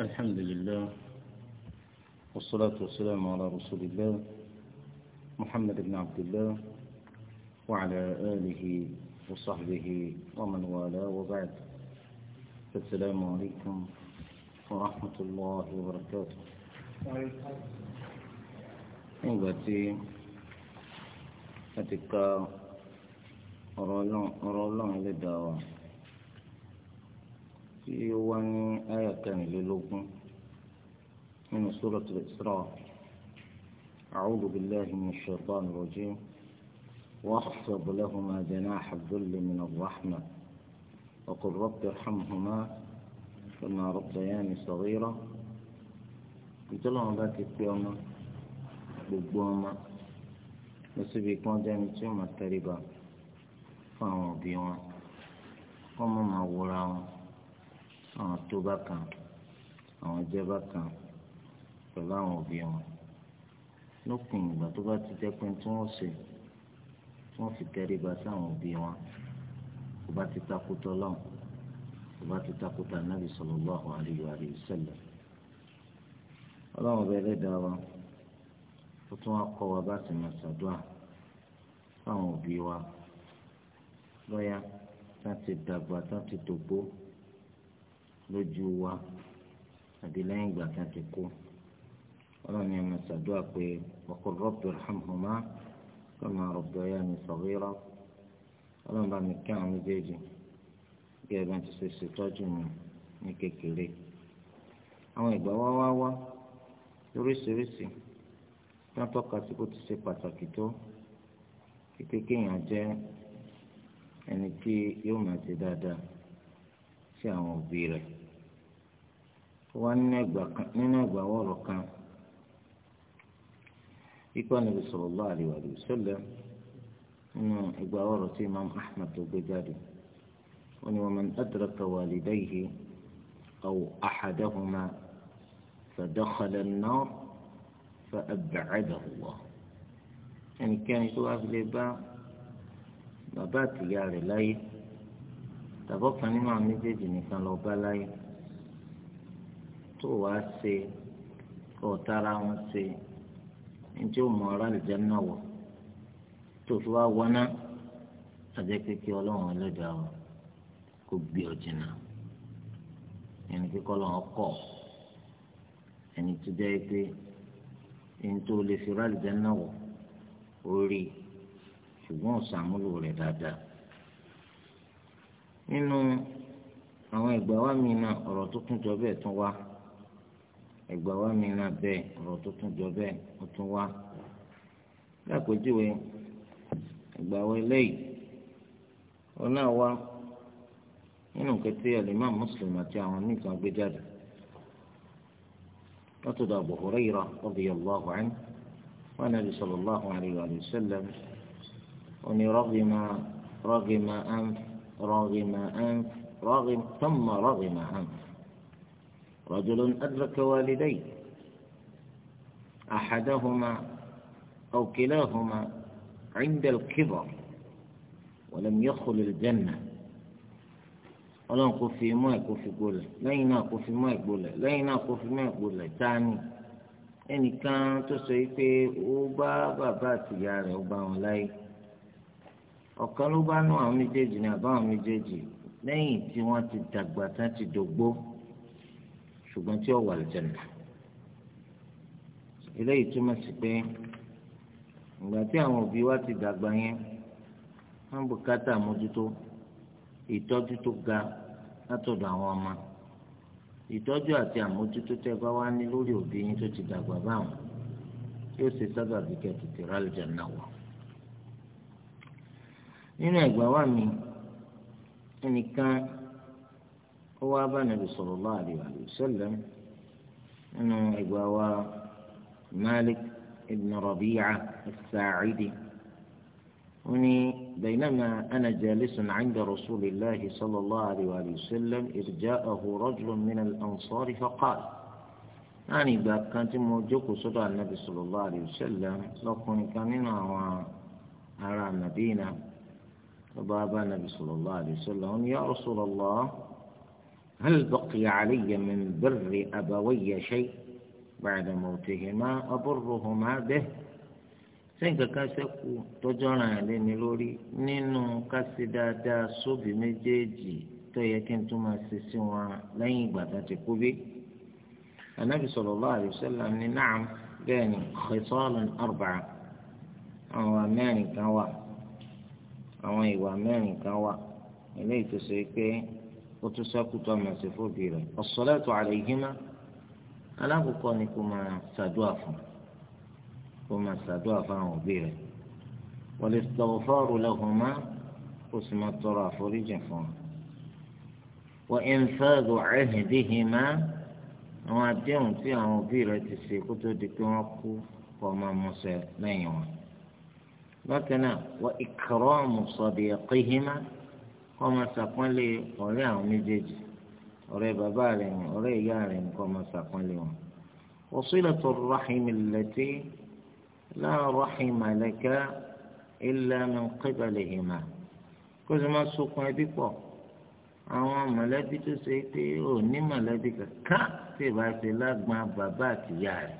الحمد لله والصلاة والسلام على رسول الله محمد بن عبد الله وعلى آله وصحبه ومن والاه وبعد السلام عليكم ورحمة الله وبركاته وبتي أتكا أرى الله أرى tí ó wá ní àyà kẹrìnlélógún nínú suratul Isra a'udhu billahi minash shaitanir rajim واخفض لهما جناح الذل من الرحمة وقل رب ارحمهما كما ربياني صغيرا قلت لهم ذاك اليوم gbogbo lọ síbi kí wọ́n jẹ́ni tí ó máa tẹríba fún àwọn òbí wọn kọ́ mọ́ máa wúra wọn àwọn tó bá kan àwọn jẹ́ bá kan pẹ̀lú àwọn òbí wọn lópin ìgbà tó bá ti jẹ́ pé tí wọ́n ṣe tí wọ́n fi tẹríba sáwọn òbí wọn kò bá ti takùtà lọ́n kò bá ti takùtà nàbì sallallahu alaihi wa sallam ọlọ́run bẹ́ẹ̀ lẹ́dàá wa ó tún wá kọ́ wa bá ti máa ṣàdúrà fáwọn òbí wa lọ́yà tá ti dàgbà tá ti dògbó lójú wa àbí lẹ́yìn ìgbà kan ti kú ọlọ́run ni àwọn ṣàdúrà pé ọkọ̀ rọ́bì irhamhuma kama rabbayani saghira ọlọ́run bá mi kí àwọn méjèèjì bí ẹ bá ti ṣe ṣètọ́jú mi ní kékeré àwọn ìgbà wá wá wá lóríṣiríṣi tí wọ́n tọ́ka sí kó ti ṣe pàtàkì tó kíkẹ́ kéèyàn jẹ́ ẹni tí yóò máa ṣe dáadáa sí àwọn òbí rẹ̀. wọn nínú ẹgbàá wọ̀rọ̀ kan ikú Ànábì sallallahu alaihi wa sọ́lẹ̀ nínú ẹgbàá wọ̀rọ̀ tí Imam ahmed tó gbé jáde wọn ni wọn máa man adraka walidayhi aw ahadahuma fadakhala an-nar fa'ab'adahu Allah ẹnikẹ́ni tó wá fi lè bá bàbá àtìyá rẹ̀ láyé tàbọ̀ kan nínú àwọn méjèèjì nìkan lọ bá láyé. tó wàá ṣe ọ̀tara wọn ṣe ní tí ó mọ ọ̀rá àlùjáná wọ̀ tó fi wá wọná àjẹpẹ́ kí ọlọ́run ẹlẹ́dàá wọn kó gbé ọ jìnnà ẹni pé kọ́ lọ́wọ́ kọ́ ẹni tó jẹ́ pé ẹni tó lè fi ọ̀rá àlùjáná wọ̀ orí ṣùgbọ́n ṣàmúlò rẹ̀ dáadáa nínú àwọn ìgbà wa mi náà ọ̀rọ̀ tó kún jọ bẹ́ẹ̀ tún wá ẹgbà wa mìíràn bẹ́ẹ̀ ọ̀rọ̀ tó tún jọ bẹ́ẹ̀ ó tún wá lápèjúwe ẹgbà wa eléyìí ó náà wá nínú kẹtẹ ẹlẹmọ mùsùlùmí àti àwọn oníkan gbé jáde látọ̀dọ̀ Abu Hurairah radiyallahu anhu wa nabi sallallahu alayhi wa sallam oní rọgìmà rọgìmà ànf rọgìmà ànf rọgìm tọmọ rọgìmà ànf. رجل أدرك والديه أحدهما أو كلاهما عند الكبر ولم يدخل الجنة ọlọ́run kò fi mọ́ ẹ̀kọ́ fi gbolẹ̀ lẹ́yìn náà kò fi mọ́ ẹ̀gbolẹ̀ lẹ́yìn náà kò fi mọ́ ẹ̀gbolẹ̀ tání ẹnìkan tó sọ yìí pé ó bá bàbá àtìyá rẹ̀ ó bá wọn láyé ọ̀kan ló bá nú àwọn méjèèjì ní àbáwọn méjèèjì lẹ́yìn tí wọ́n ti dàgbà tán ti dògbó. ṣùgbọ́n tí ó wà àlùjànnà eléyìí túmọ̀ sí pé ìgbà tí àwọn òbí wa ti dàgbà yẹn wọ́n bùkátà àmójútó ìtọ́jú tó ga látọ̀dọ̀ àwọn ọmọ ìtọ́jú àti àmójútó tẹ́ bá wá ní lórí òbí yín tó ti dàgbà báwọn yóò ṣe sábà bí kẹ́ rà àlùjànnà wọ̀. nínú ẹ̀gbà wa mi ẹnìkan. هو أبا النبي صلى الله عليه وآله وسلم أنه إبوا مالك ابن ربيعة الساعدي وني بينما أنا جالس عند رسول الله صلى الله عليه وآله وسلم إذ جاءه رجل من الأنصار فقال يعني باب كانت موجوك صدى النبي صلى الله عليه وسلم كنت كان أرى مدينة فبابا النبي صلى الله عليه وسلم يا رسول الله هل بقي علي من بر أبوي شيء بعد موتهما أبرهما به sẹ́ǹkà ká sẹ́kù tọ́jọ́ràn àlẹ́ni lórí nínú kásì dáadáa sóbì méjèèjì tó yẹ kí n tún máa ṣe sí wọn lẹ́yìn ìgbà tó ti kú bí. ànábì sallallahu alaihi wasallam ní na'am bẹ́ẹ̀ ni khisalun arba'a àwọn ìwà mẹ́rin kan wà àwọn ìwà mẹ́rin kan wà eléyìí tó ṣe pé ó tún sẹ́kù tó ọmọ ẹ̀sìn fòbí rẹ̀ as-salatu alayhima alákòókò ni kò máa ṣàdúrà fún kò máa ṣàdúrà fún àwọn òbí rẹ̀ wal-istighfaru lahuma kò sì máa tọrọ àforíjì fún wọn. wa infadhu ahdihima àwọn àdéhùn tí àwọn òbí ti ṣe kó tó di pé wọ́n kú kó máa múṣẹ lẹ́yìn wọn. bákan náà wa ikramu sadiqihima kọ́ máa ṣàpọ́nlé ọ̀rẹ́ àwọn méjèèjì ọ̀rẹ́ bàbá rẹ̀ ni ọ̀rẹ́ ìyá rẹ̀ ni kọ́ máa ṣàpọ́nlé wọn. وصلة الرحم التي لا رحم لك إلا من قبلهما kó sì máa sokùn ẹbí pọ̀ àwọn mọ̀lẹ́bí tó ṣe pé ò ní mọ̀lẹ́bí kankan tí ìbá ṣe lágbọn bàbá àtìyá rẹ̀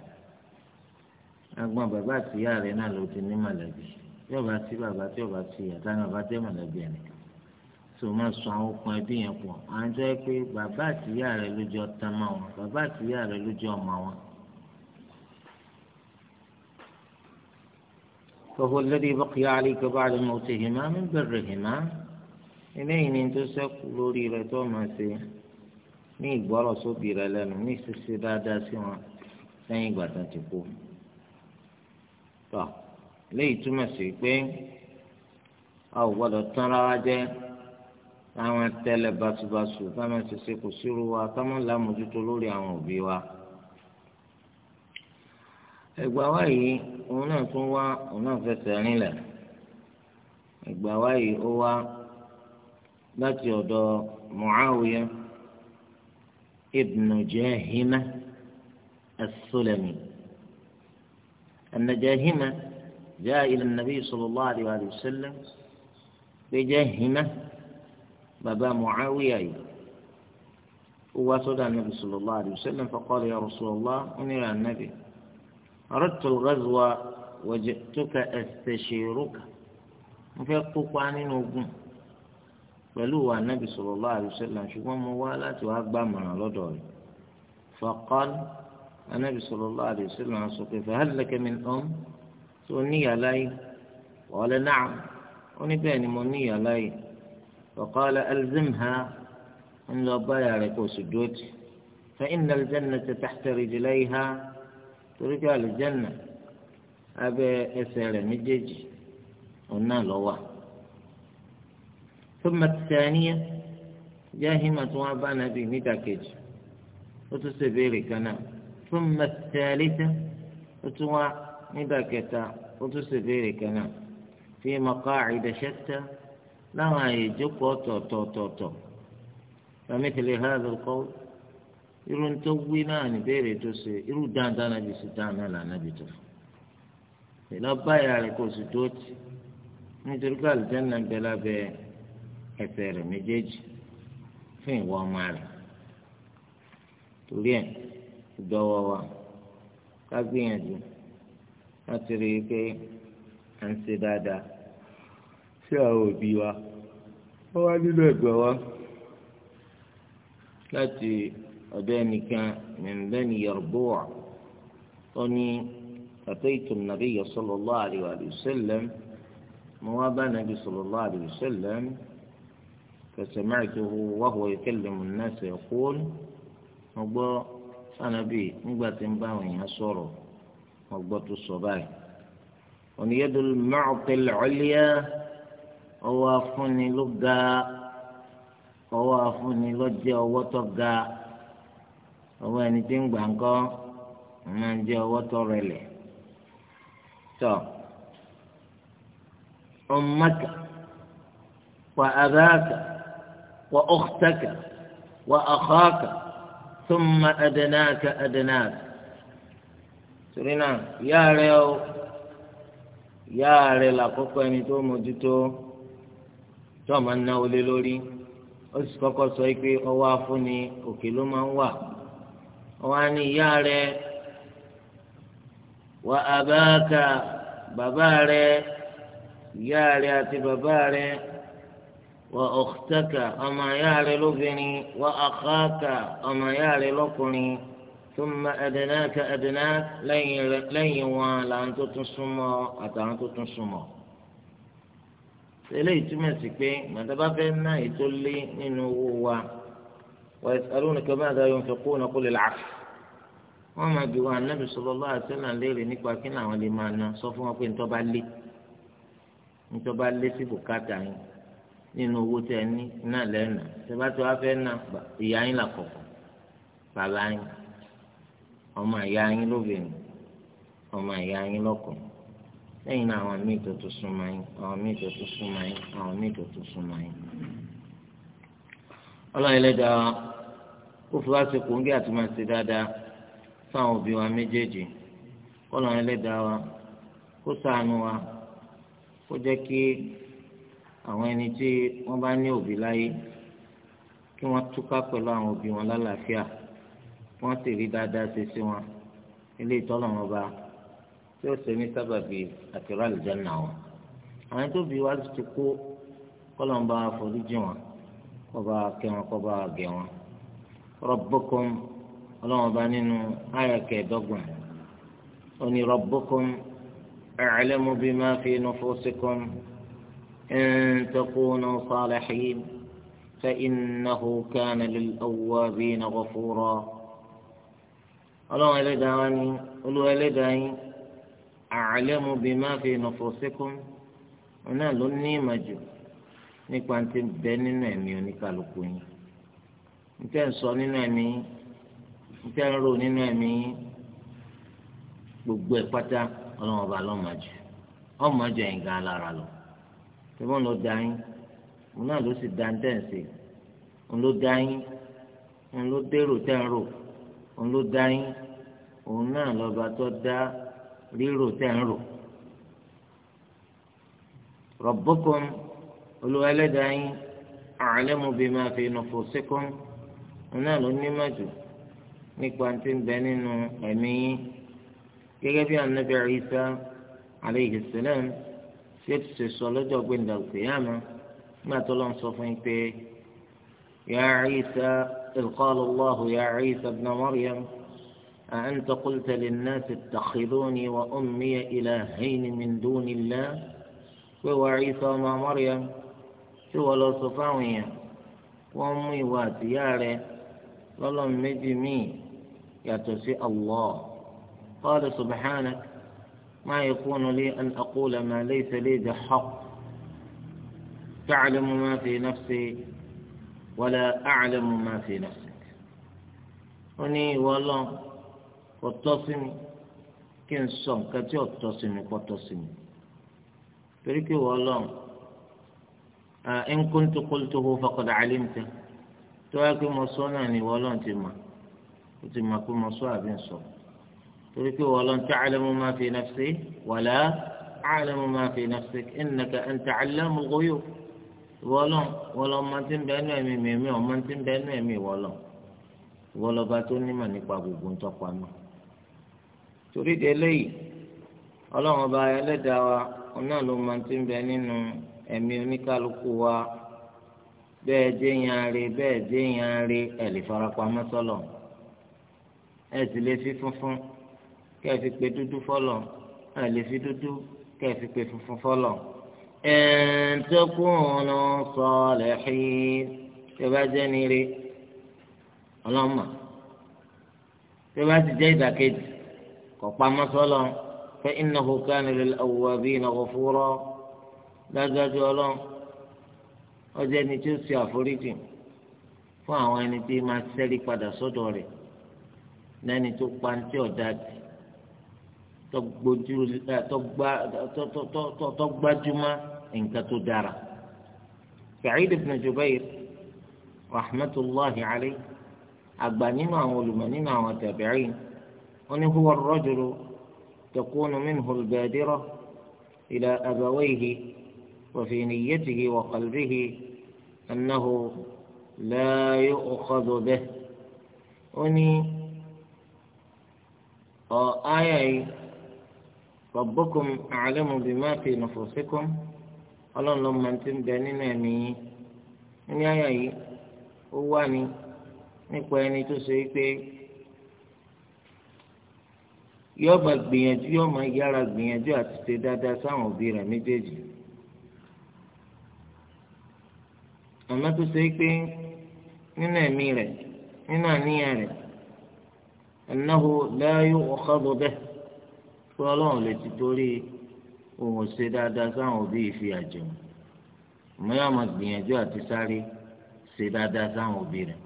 lágbọn bàbá àtìyá rẹ̀ náà ló ti ní mọ̀lẹ́bí tí ọba sí bàbá tí ọba sí ìyá táwọn ọba jẹ́ mọ̀lẹ́bí ẹnìkan tó o máa sọ àwọn okùn ẹbí yẹn pọ̀ à ń jẹ́ pé bàbá àtìyá rẹ lójú ọ̀tá máa wọn bàbá àtìyá rẹ lójú ọmọ wọn. فهو الذي بقي عليك بعد موتهما من برهما eléyìí ni tó ṣẹ́kù lórí rẹ tó máa ṣe ní ìgbọ́rọ̀ sóbì rẹ lẹ́nu ní ṣíṣe dáadáa sí wọn lẹ́yìn ìgbà tó ti kú. tọ́ eléyìí túmọ̀ sí pé a ò gbọ́dọ̀ tán rárá jẹ́ táwọn tẹ́lẹ̀ báṣubàṣu táwọn ṣẹṣẹ kò sírò wa táwọn la làmójútó lórí àwọn òbí wa. ẹgbà wa yìí òun náà tún wá òun náà fẹsẹ̀ rinlẹ̀ ẹgbà wa yìí ó wá láti ọ̀dọ̀ Muawiya ibn Jahima as-Sulami anna Jahima jaa ila an-nabi sallallahu alayhi wa sallam bi Jahima. bàbá Muawiya yìí ó wá sọ́dọ̀ anabi sallallahu alayhi wa sallam faqala ya Rasulullah ó ní anabi aradtu al-ghazwa wa ji'tuka astashiruka mo fẹ́ kópa nínú ogun pẹ̀lú wa anabi sallallahu alayhi wa sallam ṣùgbọ́n mo wá láti wá gbà mọ̀ràn lọ́dọ̀ rẹ̀ faqala anabi sallallahu alayhi wa sallam sọ pé fahal laka min um tó níyàlá yìí wala na'am ó ní bẹ́ẹ̀ ni mo níyàlá yìí. وقال ألزمها أن لا ضيع لكو سجود فإن الجنة تحت رجليها رجال الجنة أبي أسر مجج قلنا له ثم الثانية جاهمة وأبانا بمتاكج وتسبيري كنا ثم الثالثة وتوا متاكتا وتسبيري كنا في مقاعد شتى láwọn àyè ìjókòó ọ̀tọ̀ọ̀tọ̀ọ̀tọ̀ fàmìtìlẹ̀ hàdà kọ́ irú tó wí náà níbẹ̀rẹ̀ tó ṣe irú dáadáa náà bí sí dáadáa náà náà bí tó fún ìlọ báyà rẹ̀ kò sì tó tì nítorí pé àlùjáná ń bẹ lábẹ́ ẹsẹ̀ rẹ̀ méjèèjì fún ìwọ ọmọ rẹ̀ torí ẹ̀ ìdọ́wọ́ wa ká gbìyànjú láti rí i pé tí a ò bí wa ó wá nínú ẹgbẹ wa láti ọ̀dọ̀ ẹnìkan mẹ́mbẹ́ni Yarbu'a ó ní ataytu an-nabiyya sallallahu alayhi wa sallam mo wá bá nàbí sallallahu alayhi wa sallam فسمعته وهو يكلم الناس يقول ọgbọ́ sànàbì ńgbà tí ń bá àwọn èèyàn sọ̀rọ̀ mo gbọ tó sọ báyìí. oníyẹ́dùn mọ́ọ̀kẹ́lẹ̀ ọ̀lẹ́yà ọwọ́ afúnni ló ga ọwọ́ afúnni ló jẹ́ ọwọ́ tó ga ọwọ́ ẹni tí ń gbà ńkọ́ máa ń jẹ́ ọwọ́ tó rẹlẹ̀ tọ́ ummaka wa abaka wa ukhtaka wa akhaka thumma adnaka adnaka torí náà ìyá rẹ o ìyá rẹ làkọ́kọ́ ẹni tó mójútó tí wọn máa ń náwó lé lórí ó sì kọ́kọ́ sọ pé ọwọ́ afúnni òkè ló máa ń wà ọwọ́ á ní ìyá rẹ wà àbáàkà bàbá rẹ ìyá rẹ àti bàbá rẹ wà ọ̀kùtàkà ọmọ ìyá rẹ lóbìnrin wà àkàkà ọmọ ìyá rẹ lọ́kùnrin tó ma ẹ̀dẹ̀náka ẹ̀dẹ̀náka lẹ́yìn wọn làwọn tó tún súnmọ́ àtàwọn tó tún súnmọ́ eléyìí túmọ̀ sí pé màdàbà fẹ́ ná ètò lé nínú owó wa wọ́n ẹ̀sọ́rọ́ nìkan bá dáa yóò fi kó ọ̀nà kó lè làákì. wọ́n máa bí wọn anábì sọ̀rọ̀ lọ́wọ́ àtẹ́nà léèrè nípa kí làwọn lè máa ná sọ fún wọn pé ntọ́ bá lé ntọ́ bá lé sí bùkátà yín nínú owó tẹ ẹ ní náà lẹ́nà tẹ́bá tí wọ́n fẹ́ ná ìyá yín làkọ̀kọ̀ bàbá yín ọmọ ìyá yín lóbìnrin ọmọ ìyá yín lọ́kùnrin lẹ́yìn náà àwọn míì tó tún súnmọ́ yín àwọn míì tó tún súnmọ́ yín àwọn míì tó tún súnmọ́ yín. ọlọ́run ẹlẹ́dàá ó fi wá sí àti máa ṣe dáadáa òbí wa méjèèjì ọlọ́run ẹlẹ́dàá wa kó ṣàánú wa kó jẹ́ kí àwọn ẹni tí wọ́n bá ní òbí láyé kí wọ́n túká pẹ̀lú àwọn òbí wọn lálàáfíà wọ́n sì rí dáadáa ṣe sí wọn ilé tí ó ṣe ní sábàbí àtìrá àlùjáná wọn àwọn tó bí wá ti kó kọlọmbà àforíjì wọn kọba kẹwọn kọba gẹ wọn rabbukum ọlọ́wọ́n bá nínú àyà kẹẹ̀dọ́gbọ̀n ó ní rabbukum a'lamu bima fi nufusikum in takunu salihin fa'innahu kana lil-awwabina ghafura ọlọ́wọ́n ẹlẹ́dàá wa ní olúwa ẹlẹ́dàá yín. a'lamu bima fi nufusikum wọn náà ló ní ìmọ̀ jù nípa ti bẹ nínú ẹ̀mí oníkàlùkù yín nítẹ̀ ń sọ nínú ẹ̀mí gbogbo ẹ̀ pátá ọba lọ́mọ ẹ̀yìn gan alára lọ tí wọ́n lọ da yín wọn náà ló sì da ń tẹ̀sí wọn ló da yín wọn ló dérò ń rò wọn ló rírò tẹ̀ ń rò rabbukum olúwa ẹlẹ́dàá yín a'lamu bima fi nufusikum náà ló ní màjò nípa tí ń bẹ nínú ẹ̀mí yín gẹ́gẹ́ bí anabi Isa alayhi salam ṣé ti ṣe sọ lọ́jọ́ gbẹ̀ndà al-qiyamah nígbà tó lọ́n sọ fún yín pé ya Isa idh qala Allahu ya Isa ibn Maryam. أأنت قلت للناس اتخذوني وأمي إلهين من دون الله وهو عيسى وما مريم سوى لو صفاوية وأمي واتياري لولم مجمي يتسي الله قال سبحانك ما يكون لي أن أقول ما ليس لي بحق تعلم ما في نفسي ولا أعلم ما في نفسك أني والله kò tọ́ sí mi kí n sọ nǹkan tí ò tọ́ sí mi kò tọ́ sí mi torí pé wọ́n lọ́n in kuntu qultuhu faqad alimta tó wá pé mo sọ náà ni wọ́n lọ́n ti mà ó ti mà pé mo sọ àbí ń sọ torí pé wọ́n lọ́n ta'lamu ma fi nafsi wala a'lamu ma fi nafsik innaka anta 'allamul ghuyub wọlọ́n wọlọ́ ọmọ tí ń bẹ ẹnu ẹ̀mí mi ọmọ tí ń bẹ ẹnu ẹ̀mí wọlọ́ wọlọ́ba tó nímọ̀ nípa gbogbo ń tọ́pa náà torí de eléyìí ọlọ́run ọba ẹlẹ́dàá wa ọ̀nà ló máa ti ń bẹ nínú ẹ̀mí oníkálukú wa bẹ́ẹ̀ jẹ́ yan re bẹ́ẹ̀ jẹ́ yan re ẹ̀ lè farapamọ́ sọ́lọ̀ ẹ̀ sì lè fi funfun kẹ́ ẹ fi pe dúdú fọ́lọ̀ ẹ̀ lè fi dúdú kẹ́ ẹ fi pe funfun fọ́lọ̀ ẹ̀ sọ̀lẹ̀ xìí tẹ́ bá jẹ́ ni ìdàkejì kọ̀pá mọ́sọ́lọ́ fẹ́ innahu kana lil awwabina ghafura dájúdájú ọlọ́run ọjọ́ ẹni tí ó ṣe àforíjì fún àwọn ẹni tí máa ṣẹ́rí padà sọ́dọ̀ rẹ̀ lẹ́ni tó pa ní tí ọ̀dà tì eh, tó gbájúmọ́ nǹkan tó dára. Sa'id ibn Jubair rahmatullahi alayhi àgbà nínú àwọn olùmọ̀ nínú àwọn tabi'in. وني هو الرجل تكون منه البادرة إلى أبويه وفي نيته وقلبه أنه لا يؤخذ به وني آية ربكم أعلم بما في نفوسكم ọlọ́run ló máa ti ń bẹ nínú ẹ̀mí yín ní yóò máa gbìyànjú yóò máa yára gbìyànjú àti ṣe dáadáa sáwọn òbí rẹ̀ méjèèjì àmọ́ tó ṣe pé nínú ẹ̀mí rẹ̀ nínú àníyàn rẹ̀ ẹnáwó láàyò ọ̀kadọ̀ bẹ́ẹ̀ pé ọlọ́run lè ti torí òun ṣe dáadáa sáwọn òbí ìfi àjẹun àmọ́ yóò máa gbìyànjú àti sáré ṣe dáadáa sáwọn òbí rẹ̀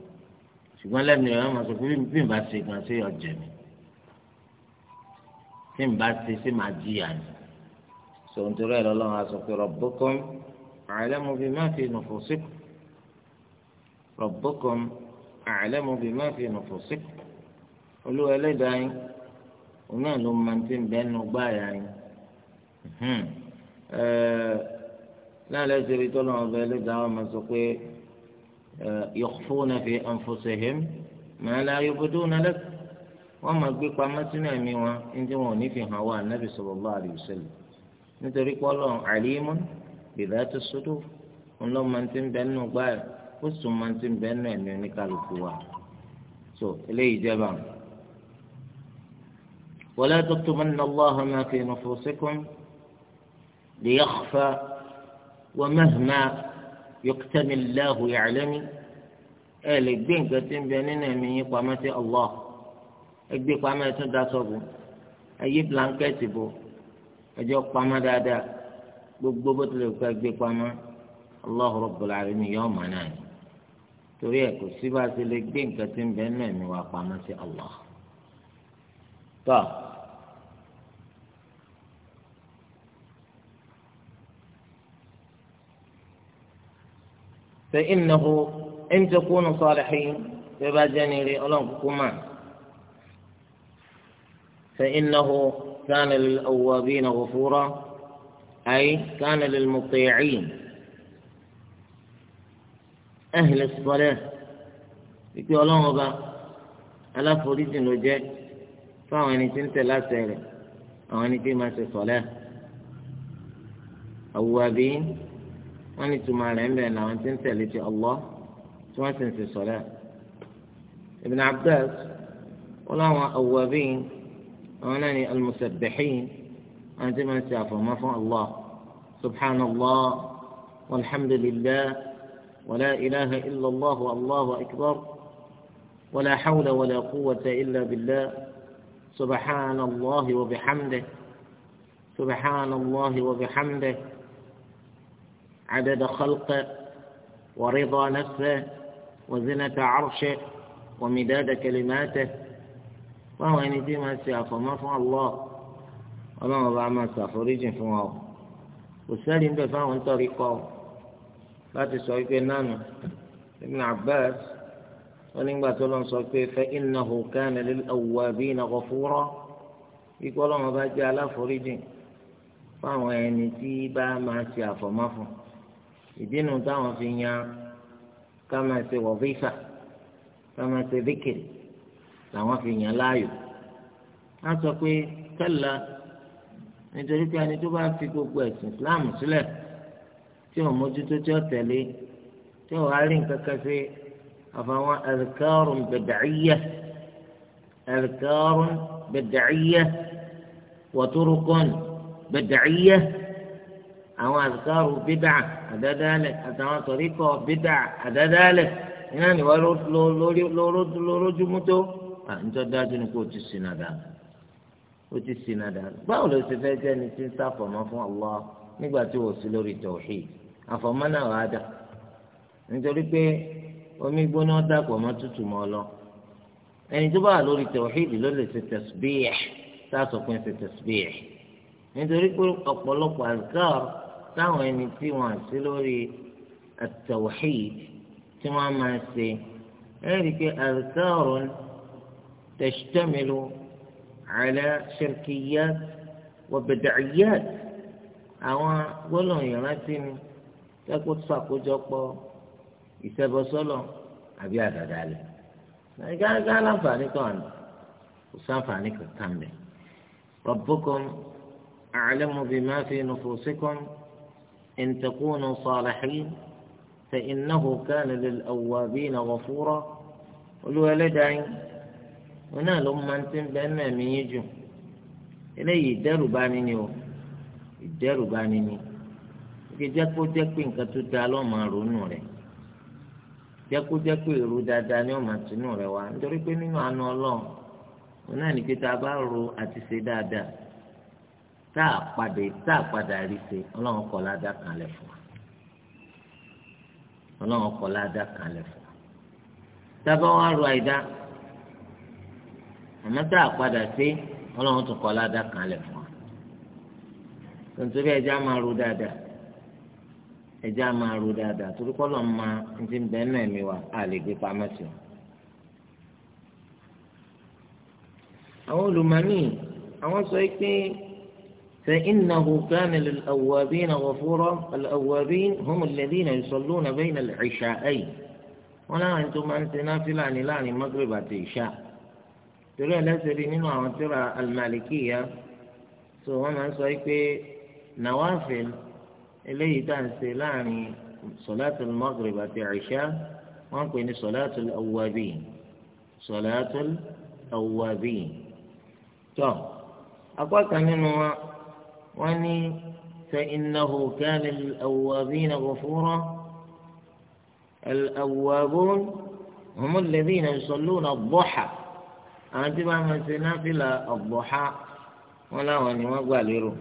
ṣùgbọ́n lẹ́nu rẹ̀ wọ́n máa sọ pé bí n bá ṣe gan ṣe ọ̀jẹ̀ mi. tí n bá ti ń máa jìyà ni sọ̀ntòrò ẹ̀ lọ́lọ́run aṣọ pé rabbukum a'lamu bima fi nu nufusikum rabbukum a'lamu bima fi fi nu fun nufusikum olúwa ẹlẹ́dàá yín òun náà ló máa ti ń bẹ́nu gbaya yín láàlẹ́ ìṣèlú tó lọ́wọ́ ọba ẹlẹ́dàá wọn máa sọ pé yo fun naa fi anfusihim ma la naa lak. wọ́n máa gbé pamọ́ sínú ẹ̀mí wọn ẹni tí wọn ò ní fi hàn wá ànábì sallallahu alaihi wasallam nítorí pọ́lọ́ alimun bi dhati sudur òun lọ́ máa ti ń bẹ nínú gbáyà ó sì máa ti ń bẹ nínú ẹ̀mí oníkàlùkù wa so eléyìí jẹba. ولا تكتمن الله ما في نفوسكم ليخفى ومهما يكتم الله يعلم ẹ lè gbé بيننا من ń الله. ẹgbẹ́ pamọ́ ẹtún daṣọ bò ẹyí blanketi bò ẹjọ́ pamọ́ dáadáa gbogbo bó tilẹ̀ kọ́ ẹgbẹ́ pamọ́ Allahu Rabbul Alamin yóò mọ̀ náà ni torí ẹ kò sí a ṣe lè gbé nǹkan tí ń bẹ náà mi pamọ́ sí فإنه إن تكونوا فإنه كان للأوابين غفورا أي كان للمطيعين أهل الصلاة يقول لهم بقى ألا فريد نجاة فأواني تنت لا سهل أواني أن ما صلاة أوابين وأن تمارين بأن أن تنت الله ثم تنت صلاة ابن عباس ولهم أوابين أولاني المسبحين أنت ما تعرفه ما فوق الله سبحان الله والحمد لله ولا إله إلا الله والله أكبر ولا حول ولا قوة إلا بالله سبحان الله وبحمده سبحان الله وبحمده عدد خلقه ورضا نفسه وزنة عرشه ومداد كلماته báwọn ẹni tí máa ṣe àfọ̀mọ́ fún Allah ọlọ́run ọba máa ṣàforíjì fún ọ kò sẹ́ni bẹ́ẹ̀ fáwọn ń tọ́rí kọ́ láti sọ wípé nánu Ibn Abbas wọn nígbà tó lọ sọ pé fa innahu kana lil awwabina ghafura ikú ọlọ́run ọba jẹ́ aláforíjì fáwọn ẹni tí bá máa ṣe àfọ̀mọ́ fún ìdí táwọn fi yan ká máa ṣe wọ̀fíìsà ká máa ṣe díkìrì làwọn fi yàn láàyò á sọ pé kẹ́lá nítorí pé ẹni tó bá fi gbogbo ẹ̀sìn Islam sílẹ̀ tí ò mójútó tí ó tẹ̀lé tí ò wá rí nǹkan kan sí àfàwọn ẹ̀rìkárùn bẹ̀dàíyẹ ẹ̀rìkárùn bẹ̀dàíyẹ wọ́túrúkọ́n bẹ̀dàíyẹ àwọn àzùkárù bídà àdádálẹ̀ àtàwọn tọ̀ríkọ̀ bídà àdádálẹ̀ iná ni wọ́n lórójúmú tó à ń tọ́ dájú ni kó o ti sìn nàdà o ti sìn nàdà báwo ló ti fẹ́ jẹ́ ni tí ń sàfọ̀mọ́ fún Allah nígbà tí o sí lórí tauhid àfọ̀mọ́ náà wàá dà nítorí pé omi gbóná dàpọ̀ mọ́ tútù mọ́ lọ ẹni tó bá wà lórí tauhid ló lè ṣe tasbih tá pé ń ṣe tasbih nítorí pé ọ̀pọ̀lọpọ̀ azkar táwọn ẹni tí wọ́n sí lórí at tí wọ́n máa ṣe ẹ̀rí pé تشتمل على شركيات وبدعيات أو ولو يمتن تقول ساقو جوكو يسابو سولو أبي هذا ذلك يعني قال قال فانيكون وسام فانيك تامي ربكم أعلم بما في نفوسكم إن تكونوا صالحين فإنه كان للأوابين غفورا قلوا لدعي wọn náà ló máa ń ti ń bẹ́ẹ̀ náà mí jù eléyìí ìdẹ́rùbá ni ni o ìdẹ́rùbá ni ni ike jẹ́kó jẹ́ pé nǹkan tó da lọ́ọ́ máa ronú rẹ̀ jẹ́kó jẹ́ pé èrò dáadáa ni ó máa tinú rẹ̀ wá nítorí pé nínú àánú ọlọ́run wọn náà ní pé tá a bá ro àti ṣe dáadáa tá a padà tá a padà rí ṣe ọlọ́run kọ́ ládàá kan lẹ̀ fún wa ọlọ́run kọ́ ládàá kan lẹ̀ fún wa tá a bá wá ro àìdá. àmọ́ tá a padà sí ọlọ́run tún kọ́ ládàá kan lẹ̀ fún wa tontorí ẹja máa ro dáadáa ẹja máa ro dáadáa torí kọ́lọ̀ máa ń ti bẹ́ẹ̀ náà mi wá a lè gbé pamọ́ sí i. àwọn olùmọ̀nì àwọn sọ pé sẹ فإنه كان للأوابين غفورا الأوابين هم الذين يصلون بين العشاءين ولا أنتم أنت نافلة عن المغرب والعشاء torí ẹ̀ lẹ́sẹ̀ rí nínú àwọn tíra al-Malikiyya tó wọ́n máa ń sọ yii pé nàwáfíl eléyìí tá ń ṣe láàrin sọ̀láàtul mogiriba àti Ìṣá wọ́n pè ní sọ̀láàtul awuabi sọ̀láàtul awuabi tó apá kan nínú wa wọ́n ní awuabi náà fúnra فإنه كان الأوابين غفورا الأوابون هم náà bọ́ xa. àwọn tí wọ́n máa ń ṣe náfìlà ọ̀gbọ̀há wọn láwọn ni wọ́n gbà lérò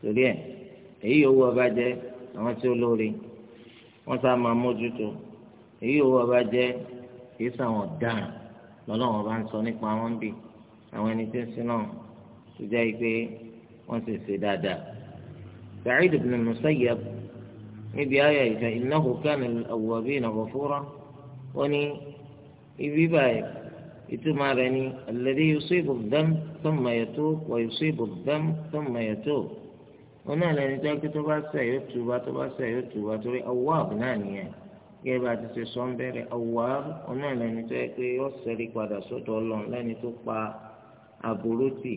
torí ẹ̀ èyí owó ọba jẹ́ àwọn tí ó lóore wọ́n sá máa mójútó èyí owó ọba jẹ́ kìí sàwọn ọ̀daràn lọ́lọ́wọ́n bá ń sọ nípa wọn bì àwọn ẹni tí ń sin náà tó jẹ́ pé wọ́n sì ṣe dáadáa. Sa'id ibn Musayyab níbi ayọ̀ ìfẹ́ innahu kana al-awwabina ghafura ó ní ibi báyìí ìtumọ̀ rẹ̀ ni alladhi yusibu dam thumma yatub wa yusibu dam thumma yatub ọ̀nà àlẹ́ni tó kí tó bá ṣẹ̀ yóò túbà tó bá ṣẹ̀ yóò túbà torí awwab náà nìyẹn gẹ́gẹ́ bá ti ṣe sọ ń bẹ̀rẹ̀ awwab ọ̀nà àlẹ́ni tó yẹ pé yóò ṣẹ́rí padà sọ́dọ̀ ọlọ́run lẹ́ni tó pa aburú tì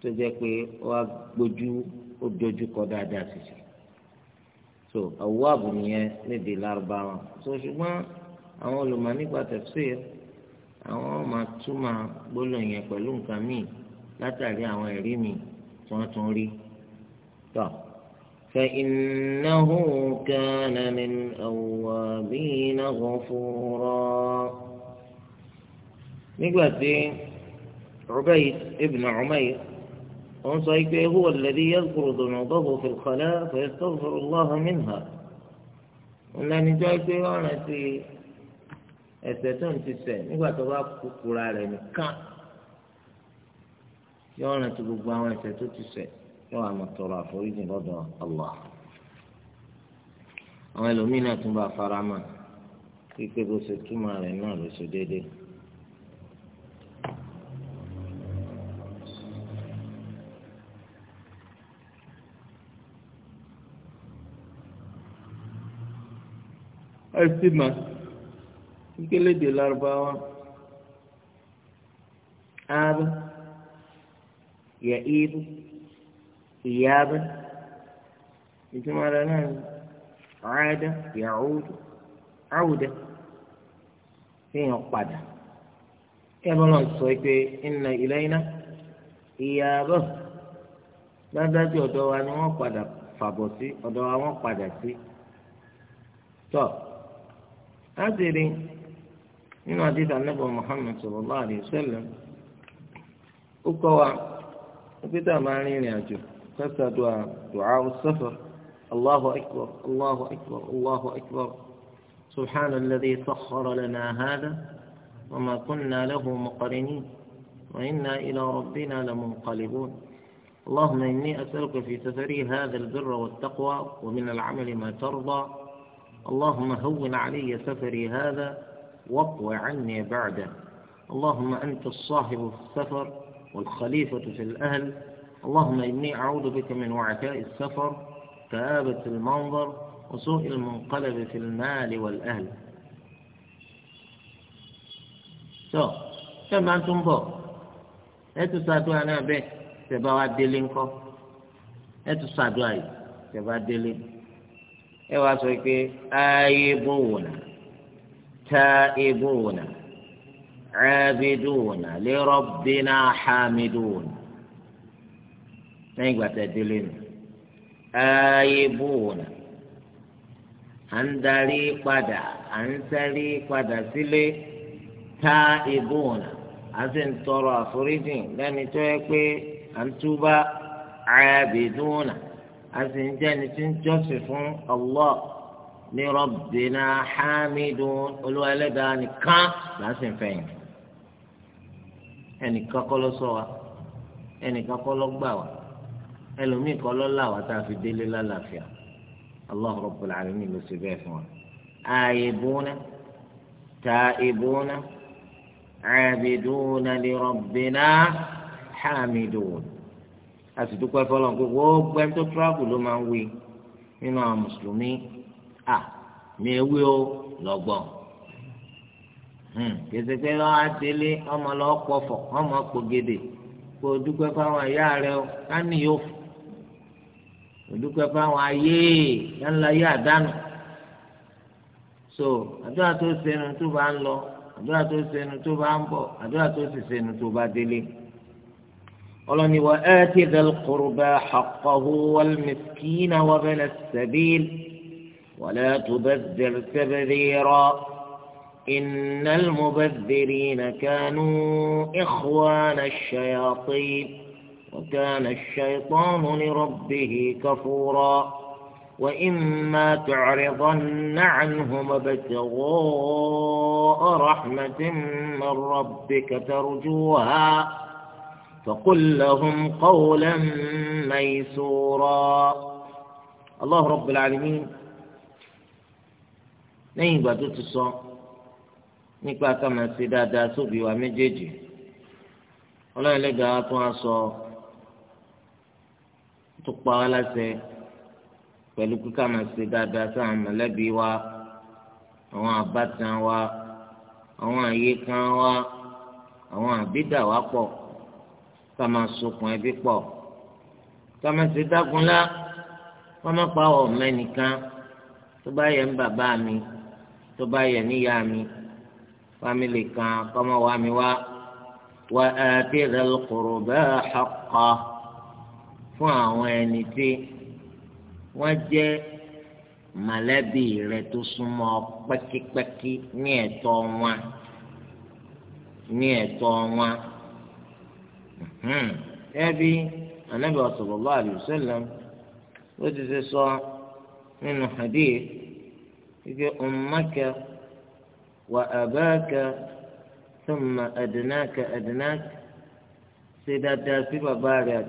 tó jẹ́ pé ó gbójú ó dojú kọ dáadáa ṣiṣẹ́ so awwab nìyẹn nídìí lárúbáwá so ṣùgbọ́n àwọn olùmọ̀ nípa tafsir àwọn máa túmọ̀ gbólóhùn yẹn pẹ̀lú nǹkan míì látàrí àwọn ẹ̀rí míì tí wọ́n tún rí tọ̀. فإنه كان للأوابين غفورا نقول عبيد ابن عمير وصيك هو الذي يذكر ذنوبه في الخلاء فيستغفر الله منها ولا نجاك أنا ẹ̀ṣẹ̀ tó ń ti nígbà tó bá kúkúra rẹ̀ nìkan yóò rántí gbogbo àwọn ẹ̀ṣẹ̀ tó ti yóò àmọ́ tọrọ àforíjì lọ́dọ̀ Allah àwọn ẹlòmíín náà tún bá fara mọ́ pípé bó ṣe túmọ̀ rẹ̀ náà ló ṣe ikele lédè lárúbáwá ábẹ yẹ íbú ìyábẹ ìtumọ̀ na náà ni ọ̀rẹ́dẹ yàhúdù áwùdẹ pada padà náà sọ pé ìnà wa ni wọ́n padà fàbọ̀ sí ọ̀dọ̀ wa wọ́n padà sí tọ́ láti rí nínú àdìsá nẹ́bọ̀ Muhammad sallallahu alaihi wasallam ó kọ́ wa pípẹ́tà máa ń rìnrìn àjò kásá dùà dùà safar Allahu akbar Allahu akbar Allahu akbar subhana alladhi sakhkhara lana hadha wa ma kunna lahu muqrinin wa inna ila rabbina lamunqalibun اللهم إني أسألك في سفري هذا البر والتقوى ومن العمل ما ترضى اللهم هون علي سفري هذا واقو عني بعده اللهم أنت الصاحب في السفر والخليفة في الأهل اللهم إني أعوذ بك من وعكاء السفر كآبة المنظر وسوء المنقلب في المال والأهل so ṣé máa tún bọ̀ ẹ tún ṣàdúrà náà bẹ́ẹ̀ tẹ́ bá wá délé ńkọ́ ẹ tún ṣàdúrà yìí tẹ́ bá délé ẹ wá sọ pé ayé bò wò náà. تائبون عابدون لربنا حامدون lẹ́yìn ìgbà tẹ̀ délé nù ààyèbùnà à ń darí padà à ń sẹ́rí padà sílé tá ìbùnà à sì ń tọrọ àforíjì lẹ́ni tó yẹ pé à ń túbà ààbìdùnà à sì ń jẹ́ni tí ń jọ́sìn fún Allah ní rọ́bìnà hamidun olúwa ẹlẹ́dàá nìkan lásìn fẹ̀yìn ẹnìkan kọ́ ló sọ wa ẹnìkan kọ́ ló gbà wa ẹlòmíì kọ́ ló là wa tá a fi délé lálàáfíà allah rabbul alamin ló ṣe bẹ́ẹ̀ fún wa. ààyèbùnà tààyèbùnà ààbìdùnà ní rọ́bìnà hamidun a sì dúpẹ́ fọlọ́n gbogbo gbẹ́ntó tíráàbù ló máa ń wí nínú àwọn mùsùlùmí. à mi o lọ́gbọ̀n hmm, kẹsẹkẹ lọ adélé ọmọ lọ pọfọ ọmọ pògèdè kó o fáwọn ìyá rẹ o ká yóò fò o dúpẹ́ fáwọn ayé àdánù so àdúrà tó sẹnu tó bá ń lọ àdúrà tó sẹnu tó bá ń bọ̀ àdúrà tó sì sẹnu tó bá délé ọlọ́ni wa ti ولا تبذر تبذيرا إن المبذرين كانوا إخوان الشياطين وكان الشيطان لربه كفورا وإما تعرضن عنهم ابتغاء رحمة من ربك ترجوها فقل لهم قولا ميسورا الله رب العالمين lẹ́yìn ìgbà tó ti sọ nípa ká máa ṣe dáadáa sóbì wa méjèèjì ọlọ́run lẹ́gàá tó wá sọ tó pa wá láṣẹ pẹ̀lú kíkà máa ṣe dáadáa sáwọn mọ̀lẹ́bí wa àwọn àbátan wa àwọn àyíkan wa àwọn àbídà wa pọ̀ ká máa sokùn ẹbí pọ̀ ká máa ṣe dágunlá ká máa pa ọ̀mẹ́nìkan tó bá yẹ ń bàbá mi tó bá yẹ níyà mi fámìlì kan kọ́mọ wá mi wá wà á ti rẹ̀ lọ́kọ̀rọ̀ bẹ́ẹ̀ ọkọ̀ fún àwọn ẹni tí wọ́n jẹ́ mọ̀lẹ́bí rẹ̀ tó súnmọ́ pẹ́kípẹ́kí ní ẹ̀tọ́ wọn ní ẹ̀tọ́ wọn hmm. ẹbí anabi sallallahu alaihi wasallam ó ti ṣe sọ nínú hadith. يجي أمك وأباك ثم أدناك أدناك سيدا تاسي بباريك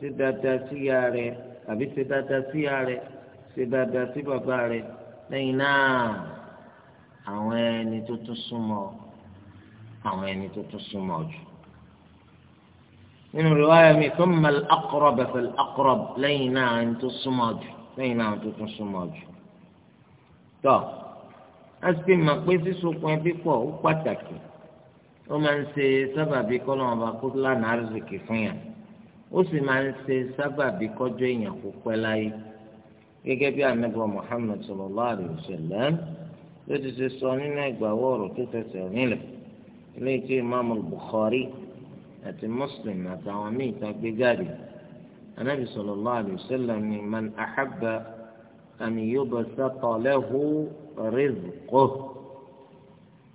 سيدا تاسي ياري أبي سيدا تاسي ياري سيدا تاسي بباريك لينا أويني تتصمو أويني تتصمو من رواية من ثم الأقرب فالأقرب لينا أن تصمو لينا أن تصمو tọ́ láti mọ̀ pé sísokun ẹbí pọ̀ ó pàtàkì ó máa ń ṣe sábàbí kọ́lọ́mù ọba kó lánàá rìsìkì fún yàn ó sì máa ń ṣe sábàbí kọjọ́ èèyàn kó pẹ́ láyé gẹ́gẹ́ bí anábọ̀ Muhammad sallallahu alaihi wasallam ló ti ṣe sọ nínú ìgbàwọ́ ọ̀rọ̀ tó fẹsẹ̀ nílẹ̀ ilé tí imaamu Bukhari àti Muslim àtàwọn míì tá gbé jáde anábì sallallahu alaihi ni man ahabba. أن يبسط له رزقه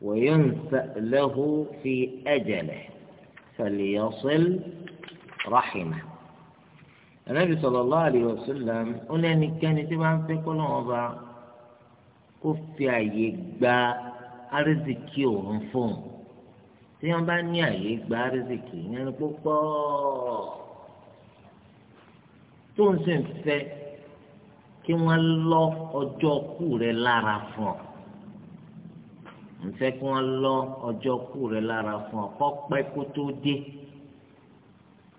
وينسأ له في أجله فليصل رحمه النبي صلى الله عليه وسلم قال أن كان تبعا في كل وضع كفي يقبى أرزكي ونفون tí wọn bá ní àyè gba rìsíkì yẹn púpọ̀ tó ń sìn fẹ́ kí wọ́n lọ ọjọ́ kú rẹ lára fún ọ nfẹ́ kí wọ́n lọ ọjọ́ kú rẹ lára fún ọ kọ́ pẹ́ kó tó dé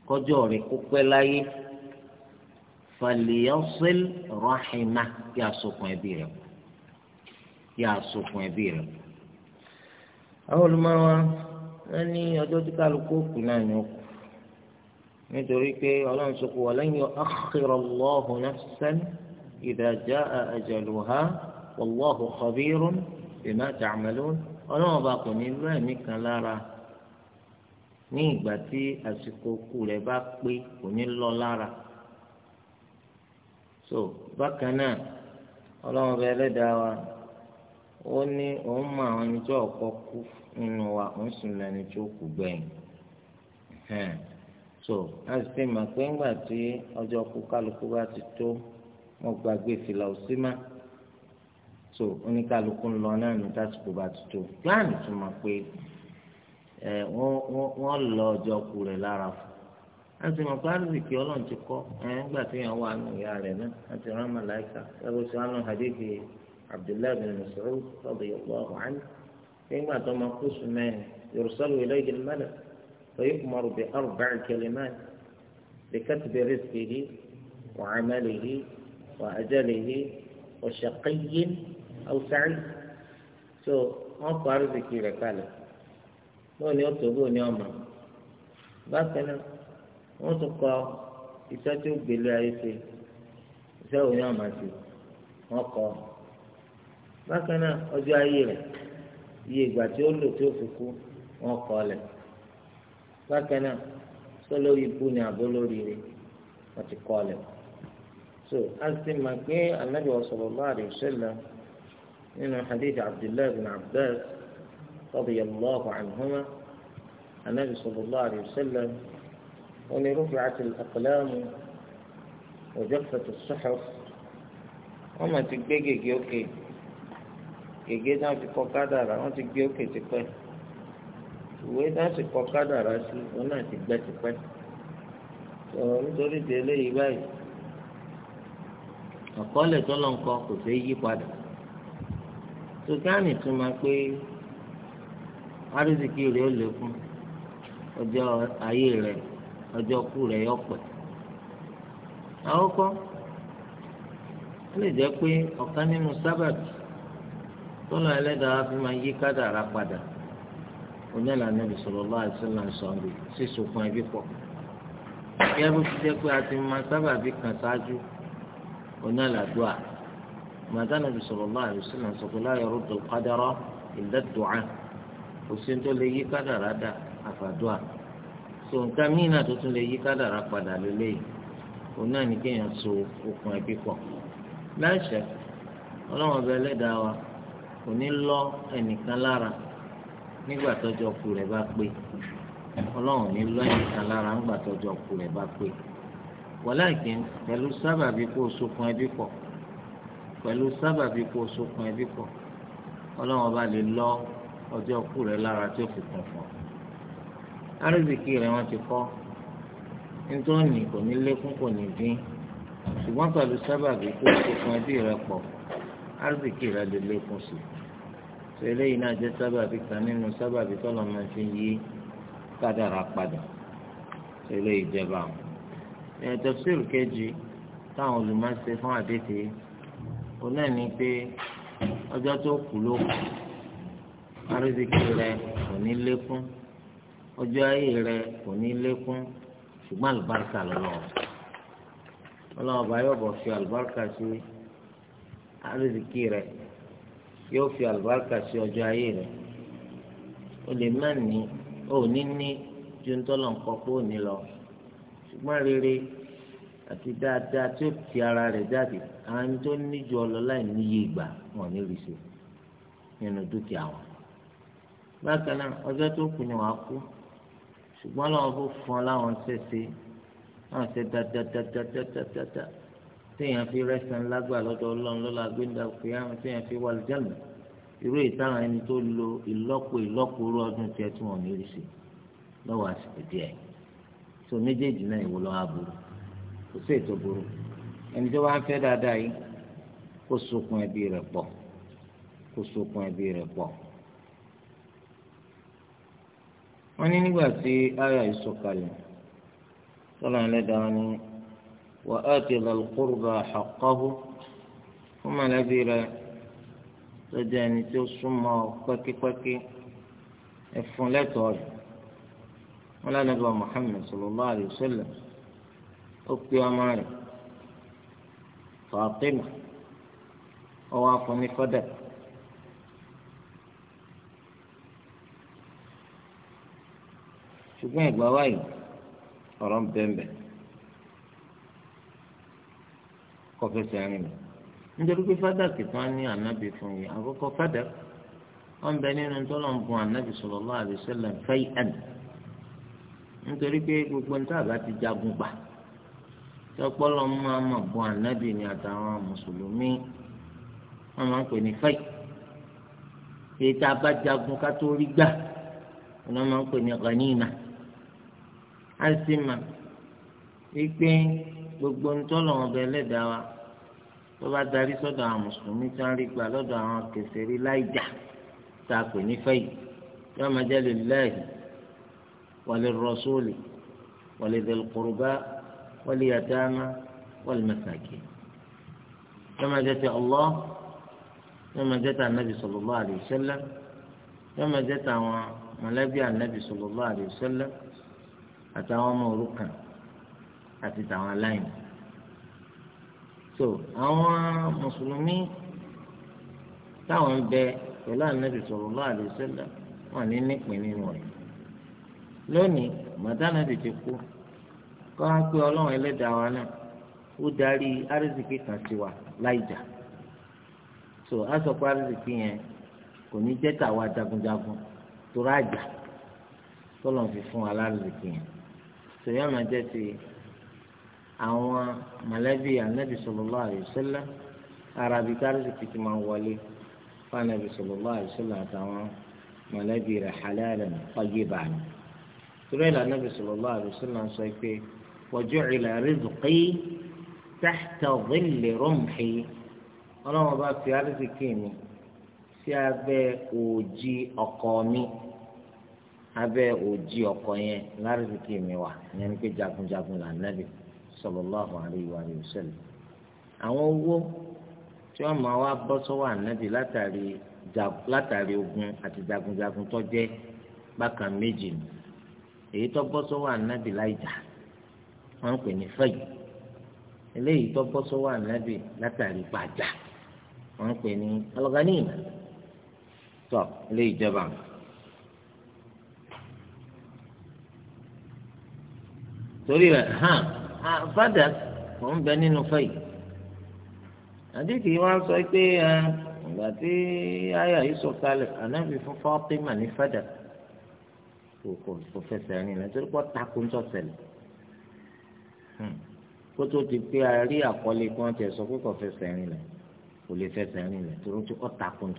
kọjọ́ rẹ kó pẹ́ láyé fàlìyànsẹ́lì rọ́ọ̀hìnà kí a sokùn ẹbí rẹ kí a ẹbí rẹ. àwọn olùmọ̀wá wọn ní ọjọ́ tí kálukú kù náà ni ó kù nítorí pé ọlọ́run sọ pé wọ́n lẹ́yìn akhira Allahu nafsan. إذا جاء أجلها والله خبير بما تعملون ọlọ́run bá kò ní lọ ẹ̀mí kan lára ní ìgbà tí àsìkò kú rẹ̀ bá pé kò ní lọ lára so bákan náà ọlọ́run bá ẹlẹ́dàá wa ó ní òun mọ àwọn ẹni tó ọ̀kọ́ kú nínú wa òun sì lọ ẹni tó kú gbẹ̀yìn so láti fi mọ̀ pé ńgbà tí ọjọ́ kú kálukú bá ti tó wọn gbàgbé fìlà òsì má so oníkálukú ń lọ náà ní tásìkò bá ti tó pílánì tún máa pé ẹ wọn lọ ọjọ́ kù rẹ lára fún un láti mọ pé àrùsìkì Ọlọ́run ti kọ ẹ ńgbà tí yẹn wà nù ìyá rẹ náà láti rán màláìka ẹgbẹ sọ àánú hadithi Abdullahi bin Mas'ud radiyallahu anhu nígbà tó máa kú sùn mẹ́rin yorùsọ́lù ilayhi al-malak فيؤمر بأربع كلمات لكتب رزقه وعمله وأجله وشقي أو سعيد so wọ́n kọ àrísìkí rẹ̀ kalẹ̀ bóun ni ó tó bóun ni ó mọ̀ bákan náà wọ́n tún kọ iṣẹ́ tó gbélé ayé ṣe iṣẹ́ òun ni ó mọ̀ sí wọ́n kọ bákan náà ọjọ́ ayé rẹ̀ iye ìgbà tí ó lò tí ó fi kú wọ́n kọ lẹ̀ bákan náà sọ lórí ni àbó lórí rẹ̀ ti kọ lẹ̀. so asi ma pé anabi sallallahu alayhi wa sallam nínú hadith abdullahi bin abbas radiyallahu anhuma anabi sallallahu alayhi wa sallam wọn ni rufi'at al-aqlamu wa jaffat as-suhuf wọn ma ti gbé gègé òkè gègé náà fi kọ kádàrà wọn ti gbé òkè tipẹ́ ìwé náà sì kọ kádàrà sí wọn náà ti gbẹ tipẹ́ nítorí délé yìí báyìí. àkọọ́lẹ̀ tọ́lọ̀ nǹkan kò ṣeé yí padà sùkánì tún máa pé arúzìkì rẹ̀ ó lékún ọjọ́ ayé rẹ̀ ọjọ́ kú rẹ̀ yọ pẹ̀ ó lè jẹ́ pé ọ̀kan nínú sábàbí tọ́lọ̀ ẹlẹ́dàá fi máa yí kádàrá padà onílà nàbì sallallahu alaihi wasallam sísokùn ẹbí bó ti jẹ́ pé a ti máa sábàbí kan ṣáájú. oní àlàdùà màtá nàbì sallallahu alaihi wasallam sọ pé la yaruddu al-qadara illa ad-du'a kò sí tó lè yí kádàrá dà àfàdùà tó nǹkan míì náà tó tún lè yí kádàrá padà lélẹ́yìí oní àní kéèyàn so okùn ẹbí pọ̀ láṣẹ ọlọ́run ọbẹ̀ ẹlẹ́dàá wa kò ní lọ ẹnìkan nígbà tọ́jọ́ kù rẹ̀ bá pé ọlọ́run ní lọ ẹnìkan lára nígbà tọ́jọ́ kù rẹ̀ bá pé wàláàkín pẹ̀lú sábàbí kó sokùn ẹbí pọ̀ pẹ̀lú sábàbí kó sokùn ẹbí pọ̀ ọlọ́run ọba lè lọ ọjọ́ kú rẹ lára tí ó fi kún fún ọ. árìsìkì rẹ wọn ti kọ́ nítorí kò ní lékún kò ní dín ṣùgbọ́n pẹ̀lú sábàbí kó sokùn ẹbí rẹ pọ̀ árìsìkì rẹ lè lékún sí i. sọ eléyìí náà jẹ́ sábàbí kan nínú sábàbí tọ́lọ́ máa fi yí kádàrá padà sọ eléyìí jẹ́ báwọn tafsir kejì táwọn olùmọ̀ọ́sẹ̀ fún àdéhùn yìí òun náà ní pé ọjọ́ tó kù ló kù arísìkí rẹ kò ní lékún ọjọ́ ayé rẹ kò ní lékún ṣùgbọ́n àlùbáríkà lọ́wọ́ ọlọ́wọ́ bá yọ̀ bọ̀ fi àlùbáríkà sí arísìkí rẹ yóò fi àlùbáríkà sí ọjọ́ ayé rẹ o lè má ní o ní ní ju ń tọ́lọ̀ ń kọ́ pé ò ní lọ ṣùgbọ́n rere àti dáadáa tí ó ti ara rẹ̀ jáde àwọn ẹni tó níjọ ọlọ́lá ìníye ìgbà wọn ní rìṣe nínú dúkìá wọn. bákan náà ọjọ́ tó kù ni wàá kú ṣùgbọ́n làwọn kò fún ọ láwọn ṣẹ̀ṣẹ̀ láwọn ṣe dáadáadáadáadáa téèyàn fi rẹ́sán lágbà lọ́dọ̀ ọlọ́run lọ́la gbẹ́ndà fìyàwó téèyàn fi wà lìjànà irú ìtàwọn ẹni tó lo ìlọ́po ìlọ́po rú ọdún tiẹ̀ tí wọ́n ní rìṣe lọ́wọ́ àsìkò díẹ̀ yìí tó méjèèjì náà ìwò lọ́wọ́ aburú kò sí ètò burú ẹni tó bá ń fẹ́ dáadáa yìí kó sokun ẹbí rẹ̀ pọ̀ kó sokun ẹbí rẹ̀ pọ̀. wọ́n ní nígbà tí àyà yìí sọ́nà ẹlẹ́dàá ni wà á ti lọ́ọ́ àkọ́hó fún mọ̀lẹ́bí rẹ̀ tó jẹ́ ẹni tó súnmọ́ pẹ́kípẹ́kí ẹ̀fún lẹ́tọ̀ọ́ rẹ̀. ولا نبوى محمد صلى الله عليه وسلم أكتوا أماني فاطمة أوافني فدك شكرا لك بواي أرام بيمبا كوفي سعيني ندرك فدك تاني النبي فني أبو كوفدك أم بنين أنتو لهم بوان النبي صلى الله عليه وسلم فيئا nítorí pé gbogbo ní sábà ti jagun gbà tọpọlọ máa mọ bọ ànábì ni àtàwọn mùsùlùmí wọn máa ń pè ní fẹyì èyí tá a bá jagun ká tó rí gbà wọn máa ń pè ní ghanima á sì mà wípé gbogbo ń tọ́lọ̀ wọn bẹ lẹ́dàá wa tó bá darí sọ́dọ̀ àwọn mùsùlùmí tí wọ́n rí gbà lọ́dọ̀ àwọn kèfèrí láì tá a pè ní fẹ́yì yóò máa jẹ́ lillahi وللرسول ولذي القرباء واليتامى والمساكين كما جاءت الله كما جاءت النبي صلى الله عليه وسلم كما جاءت ملابي النبي صلى الله عليه وسلم أتاوى موركا أتتاوى لاين سو àwọn mùsùlùmí táwọn ń bẹ النبي صلى الله عليه وسلم wọn ní nípìn lónìí màdánà ti ti kú kọ́ á pé ọlọ́run ẹlẹ́dàá wa náà ó darí arísìkí kan sí wa láì jà so á sọ pé arísìkí yẹn kò ní jẹ́ tàwa jagunjagun tó rájà tọ́lọ̀ fi fún wa lárísìkí yẹn so yóò máa jẹ́ ti àwọn mọ̀lẹ́bí anabi sallallahu alaihi wasallam arabi arísìkí ti máa wọlé fún anabi sallallahu alaihi àtàwọn mọ̀lẹ́bí rẹ̀ halalan tayyiban torí ẹ̀ Ànábì sallallahu alaihi wasallam sọ pé wa ju'ila rizqi tahta dhilli rumhi ọlọ́run bá fi àrísìkí mi sí abẹ́ òjì ọkọ mi abẹ́ òjì ọkọ yẹn lárísìkí mi wà ìyẹn ni pé jagunjagun là Ànábì sallallahu alaihi wasallam àwọn owó tí wọ́n máa wá bọ́ sọ́wọ́ Ànábì látàrí ogun àti jagunjagun tó jẹ́ bákan méjì ni èyí tó bọ́ sọ́wọ́ ànábì láìjà wọ́n ń pè ní fẹ́yì eléyìí tó bọ́ sọ́wọ́ ànábì látàrí gbàjà wọ́n ń pè ní alọ́gánìmọ̀ tọ́ eléyìí jọba. torí rẹ̀ hàn fada kò ń bẹ nínú fẹ́yì àdìsí wa sọ pé ìgbà tí aya yìí sọ kalẹ̀ ànábì fún Fátímà ní fada kò fẹsẹ̀ rìn lẹ́yìn torí pọ́ takò ń tọ́ sẹ̀lẹ̀ hmm. kó tó ti pé a rí àkọlé kí wọ́n ti sọ pé kò fẹsẹ̀ rìn lẹ̀ kò lè fẹsẹ̀ rìn lẹ̀ torí tí kò takò ń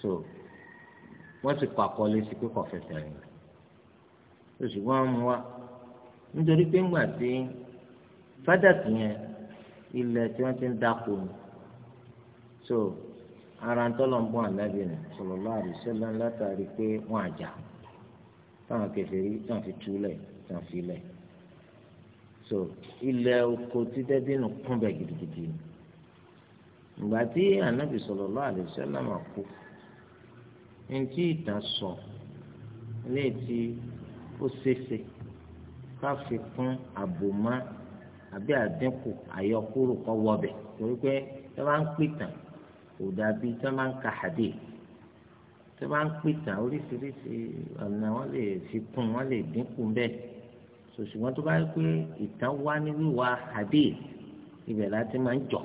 so wọ́n ti kọ àkọlé sí pé kò fẹsẹ̀ rìn lẹ̀ so ṣùgbọ́n wọ́n mú wa nítorí pé ńgbà tí fádàtì yẹn ilẹ̀ tí wọ́n ti ń dáko ni so. ara ń tọ́lọ̀ ń bọ́ ànábì nù sallallahu látàrí pé wọ́n àjà táwọn kèfèrí fi túlẹ̀ fi lẹ̀ so ilẹ̀ oko ti dínú kún bẹ́ẹ̀ gidigidi ìgbà tí ànábì sallallahu alaihi wasallam máa kú ní tí ti ó ṣeéṣe ká fi kún àbòmá àbí àdínkù àyọkúrò kọ́ wọbẹ̀ torí pé kò dàbí tí wọ́n máa ń ka hadith tí wọ́n máa ń pìtàn oríṣiríṣi ọ̀nà wọ́n lè fi kún wọ́n lè dínkù bẹ́ẹ̀ ṣùgbọ́n tó bá yẹ pé ìtàn wá ní wíwá hadith ibẹ̀ láti máa ń jọ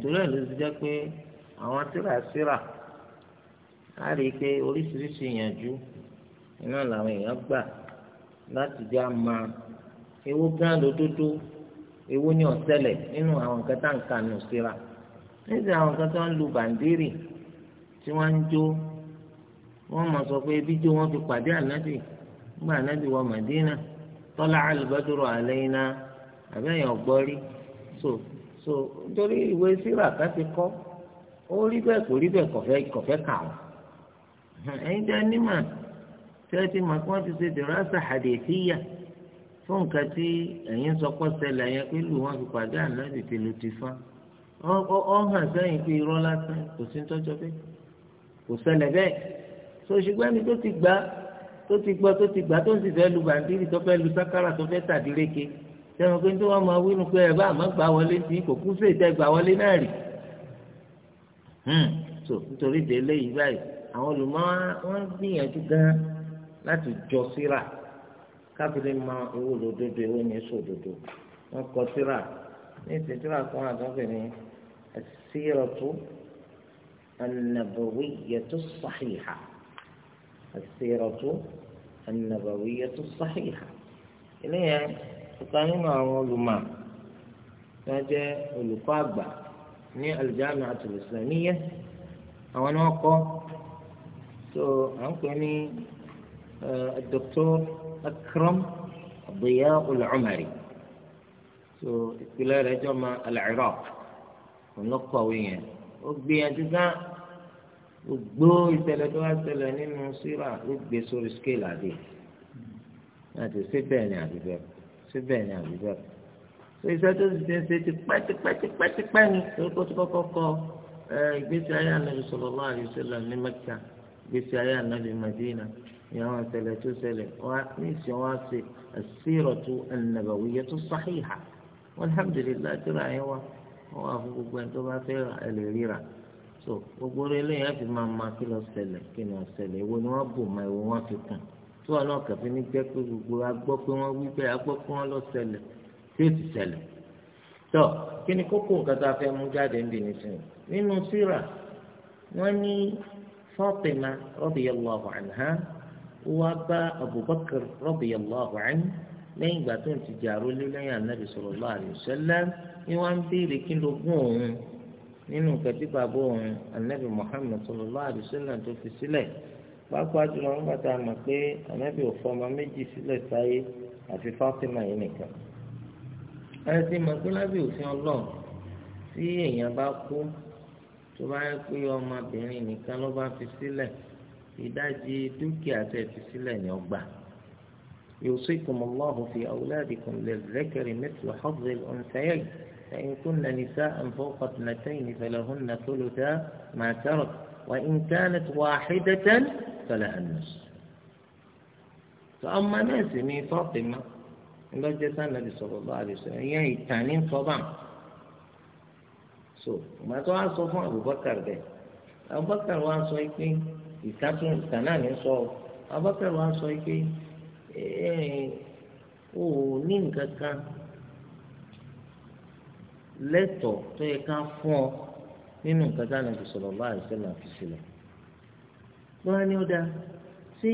torí ẹ̀ ló ti jẹ́ pé àwọn síra síra á rí i pé oríṣiríṣi ìyànjú iná làwọn èèyàn gbà láti já máa ewu gán lódodo ewu ní ọ̀sẹ̀lẹ̀ nínú àwọn nǹkan tá à ń kà nù síra. nígbà àwọn kan tó ń lu bàǹdírì tí wọ́n ń jó wọ́n mọ̀ sọ pé ibi jó wọ́n fi pàdé ànábì nígbà ànábì wọ màdínà tọ́lá àlẹ́yìnà ọ̀gbọ́rí so so nítorí ìwé síra ká ti kọ́ ó rí bẹ́ẹ̀ kò rí bẹ́ẹ̀ kọ̀fẹ́ kọ̀fẹ́ kà ó ẹ̀yin jẹ́ nímọ̀ tí ti mọ̀ kí wọ́n ti ṣe àdèfíyà fún nǹkan ọ hàn sẹ́yìn pé irọ́ lásán kò sí tọ́jọ́ bẹ́ẹ̀ kò ṣẹlẹ̀ bẹ́ẹ̀ so ṣùgbọ́n ẹni tó ti gbà tó ti gbọ́ tó ti gbà tó ń sì fẹ́ lu bàǹdírì tó fẹ́ lu sákàrà tó fẹ́ tàdíréke sẹ́wọ̀n pé tí wọ́n máa wínú pé ẹ̀ bá àmọ́ gbà wọlé sí kò kú sí ìtẹ́ gbà wọlé náà rì hmm. so nítorí délé yìí báyìí àwọn olùmọ̀ wọn gbìyànjú gan láti jọ síra kábìlì mọ owó lòdodo owó ní sòdodo wọn kọ síra ní ìsèjúra kan àtọ́fẹ́ ni. السيرة النبوية الصحيحة السيرة النبوية الصحيحة إليها تقانين علماء فجاء القابة ní aljami'a al-islamiyya àwọn náà kọ so à ń pè ní dr akram diya al-umari so ìpìlẹ̀ rẹ̀ jọ ma al-iraq. ọlọ́kọ̀wé yẹn ó gbìyànjú gán gbogbo ìṣẹ̀lẹ̀ tó wá ṣẹlẹ̀ nínú síra ó gbé sórí scale àdé àti síbẹ̀ ni àbíbẹ̀ síbẹ̀ ni àbíbẹ̀ tó iṣẹ́ tó ti ṣe ń ṣe ti pẹ́tipẹ́tipẹ́tipẹ́ ni kó tó kọ́kọ́ kọ ìgbésí ayé ànábi sallallahu alaihi wasallam ní Mẹ́kà ìgbésí ayé ànábi Mẹdínà ní àwọn ìṣẹ̀lẹ̀ tó ṣẹlẹ̀ wá ní ìṣẹ̀ wá ṣe as-siratu an-nabawiyyatu as-sahiha walhamdulillah tó rà yẹn wọ́n wà fún gbogbo ẹni tó bá fẹ́ rà ẹ lè ríra so gbogbo orí eléyìí á fi máa ma kí lọ ṣẹlẹ̀ kí ni ọ̀ṣẹlẹ̀ èwo ni wọ́n bò máa èwo wọ́n fi kùn tí wọn náà kàfé ní jẹ́ pé gbogbo agbọ́ pé wọ́n wí bẹ́ẹ̀ agbọ́ pé wọ́n lọ ṣẹlẹ̀ tí ó ti ṣẹlẹ̀ tó kí ni kókó nǹkan tá a fẹ́ mú jáde ń bì nísìnyí nínú síra wọ́n ní Fatima radiyallahu anha wọ́n bá Abubakar radiyallahu anhu lẹ́yìn ìgbà tó ń ti di àrólé lẹ́yìn ànábì sallallahu alaihi wasallam ni wọ́n ń béèrè kí ló gún òun nínú nǹkan tí bàbá òun ànábì Muhammad sallallahu alaihi wasallam tó fi sílẹ̀ pàápàá jùlọ nígbà tá mọ̀ pé ànábì ò fọmọ méjì sílẹ̀ sáyé àfi Fátímà yìí nìkan. ẹ ti mọ̀ pé lábẹ́ òfin ọlọ́run tí èèyàn bá kú tó bá yẹ pé ọmọbìnrin nìkan ló bá fi sílẹ̀ ìdajì dúkìá tẹ̀ fi sílẹ̀ ni ọgbà. يوصيكم الله في أولادكم للذكر مثل حظ الأنثيين فإن كن نساء فوق اثنتين فلهن ثلثا ما ترك وإن كانت واحدة فلها النصف فأما من فاطمة لجة النبي صلى الله عليه وسلم هي التانين طبعا سو ما تو wá أبو بكر Abubakar bẹ́ẹ̀ Abubakar wá sọ pé ìtàkùn ìtàn náà ní sọ Abubakar wá ò ní nǹkan kan lẹ́tọ̀ tó yẹ ká fún ọ nínú nǹkan tá à nàbì sọ̀rọ̀ bá àìsàn náà fi sílẹ̀. bọ́lá ni ó dáa sí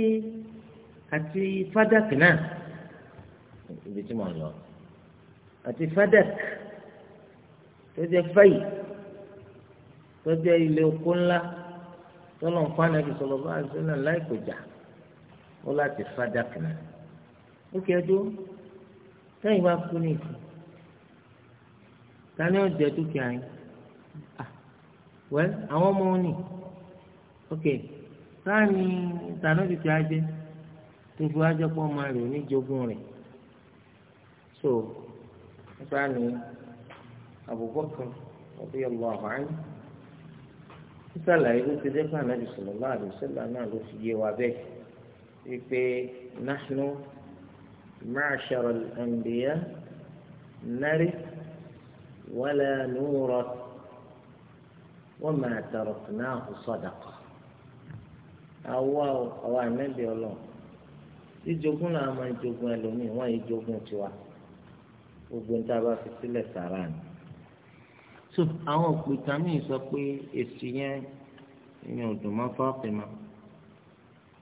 àti fádàkì náà ibi tí mo lọ àti fádàkì tó jẹ́ fáyì tó jẹ́ ilé oko ńlá tọ́lọ̀ ń fún ànàbì sọ̀rọ̀ bá àìsàn náà láìkò jà ó láti fádàkì náà ó kí ẹjọ́ sẹ́yìn bá kú ní ìsìn tani ó jẹ dúkìá yín wẹ́n àwọn ọmọ òní ok sáàni tani ó ti ti ajẹ́ tó fi pọ́ ọmọ rẹ̀ oníjogún rẹ̀ so sáàni Abubakar ọbí ọlọ àbáyé sísàlàyé ló ti dẹ́kun ànábì sallallahu alaihi wasallam náà ló fi yé wa bẹ́ẹ̀ wípé náṣínú. معشر الأنبياء نرث ولا نورث وما تركناه صدقة àwa àwa ànábì Ọlọ́run jíjogún náà máa ń jogún ẹlòmíì wọn yìí jogún tiwa gbogbo níta bá fi sílẹ̀ sàrà ni. so àwọn òpìtà míì sọ pé èsì yẹn ìyẹn ò dùn mọ́ Fátímà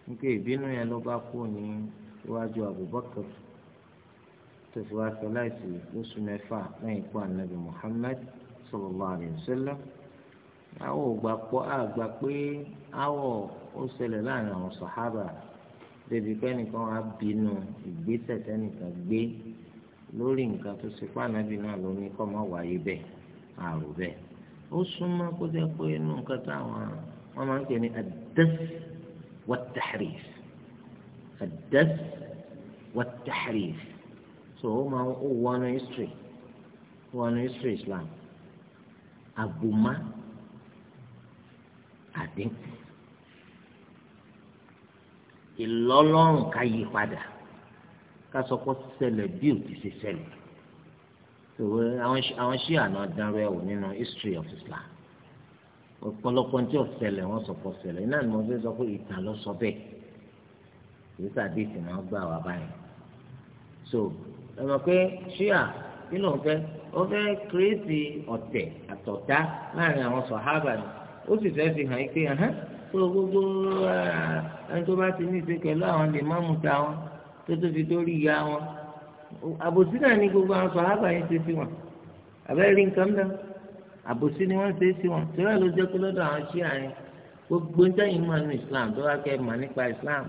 nípa ìbínú yẹn ló bá kú ní iwájú Abubakar tó fi wá sọ láìsí oṣù mẹ́fà lẹ́yìn ikú ànábì Muhammad sallallahu alaihi wasallam àwọn ògbà pọ̀ àgbà pé àwọ̀ ó ṣẹlẹ̀ láàrin àwọn sàhábà débi pé ẹnìkan á bínú ìgbésẹ̀ tẹ́nìkan gbé lórí nǹkan tó ṣe pé ànábì náà ló ní kọ́ mọ́ wáyé bẹ́ẹ̀ àrò bẹ́ẹ̀ ó súnmọ́ kó jẹ́ pé inú nǹkan táwọn wọ́n máa ń pè ní ad-dass wat-tahrif so ó máa ó wọnú history wọnú history islam àbùmá àdínkù ìlọ́lọ́run ká yí padà ká sọ pé ṣẹlẹ̀ bí ò ti ṣe ṣẹlẹ̀ tòwé àwọn ṣíà náà dánrọ ẹ̀wò nínú history of islam ọ̀pọ̀lọpọ̀ tí ò ṣẹlẹ̀ wọ́n sọ pé ṣẹlẹ̀ náà ni mo fi sọ pé ìtàn lọ sọ bẹ́ẹ̀ kìí sàdéètì náà gbà wá báyìí so ẹ̀mọ̀ pé ṣíà kí ló ń fẹ́ ó fẹ́ kírésì ọ̀tẹ̀ àtọ̀tá láàrin àwọn sọ̀hábà ni ó sì fẹ́ fi hàn pé tó gbogbo ẹni tó bá ti ní ìṣe pẹ̀lú àwọn lè má mú ta wọn tó tó fi dórí ìyá wọn àbòsí náà ni gbogbo àwọn sọ̀hábà yẹn ṣe sí wọn àbẹ́rẹ́ rí nǹkan náà àbòsí ni wọ́n ṣe é sí wọn tí wọ́n lọ jẹ́ pé lọ́dọ̀ àwọn ṣíà yẹn gbogbo ń tẹ́yìn mọ́ ní Islam tó wá kẹ́ mọ̀ nípa Islam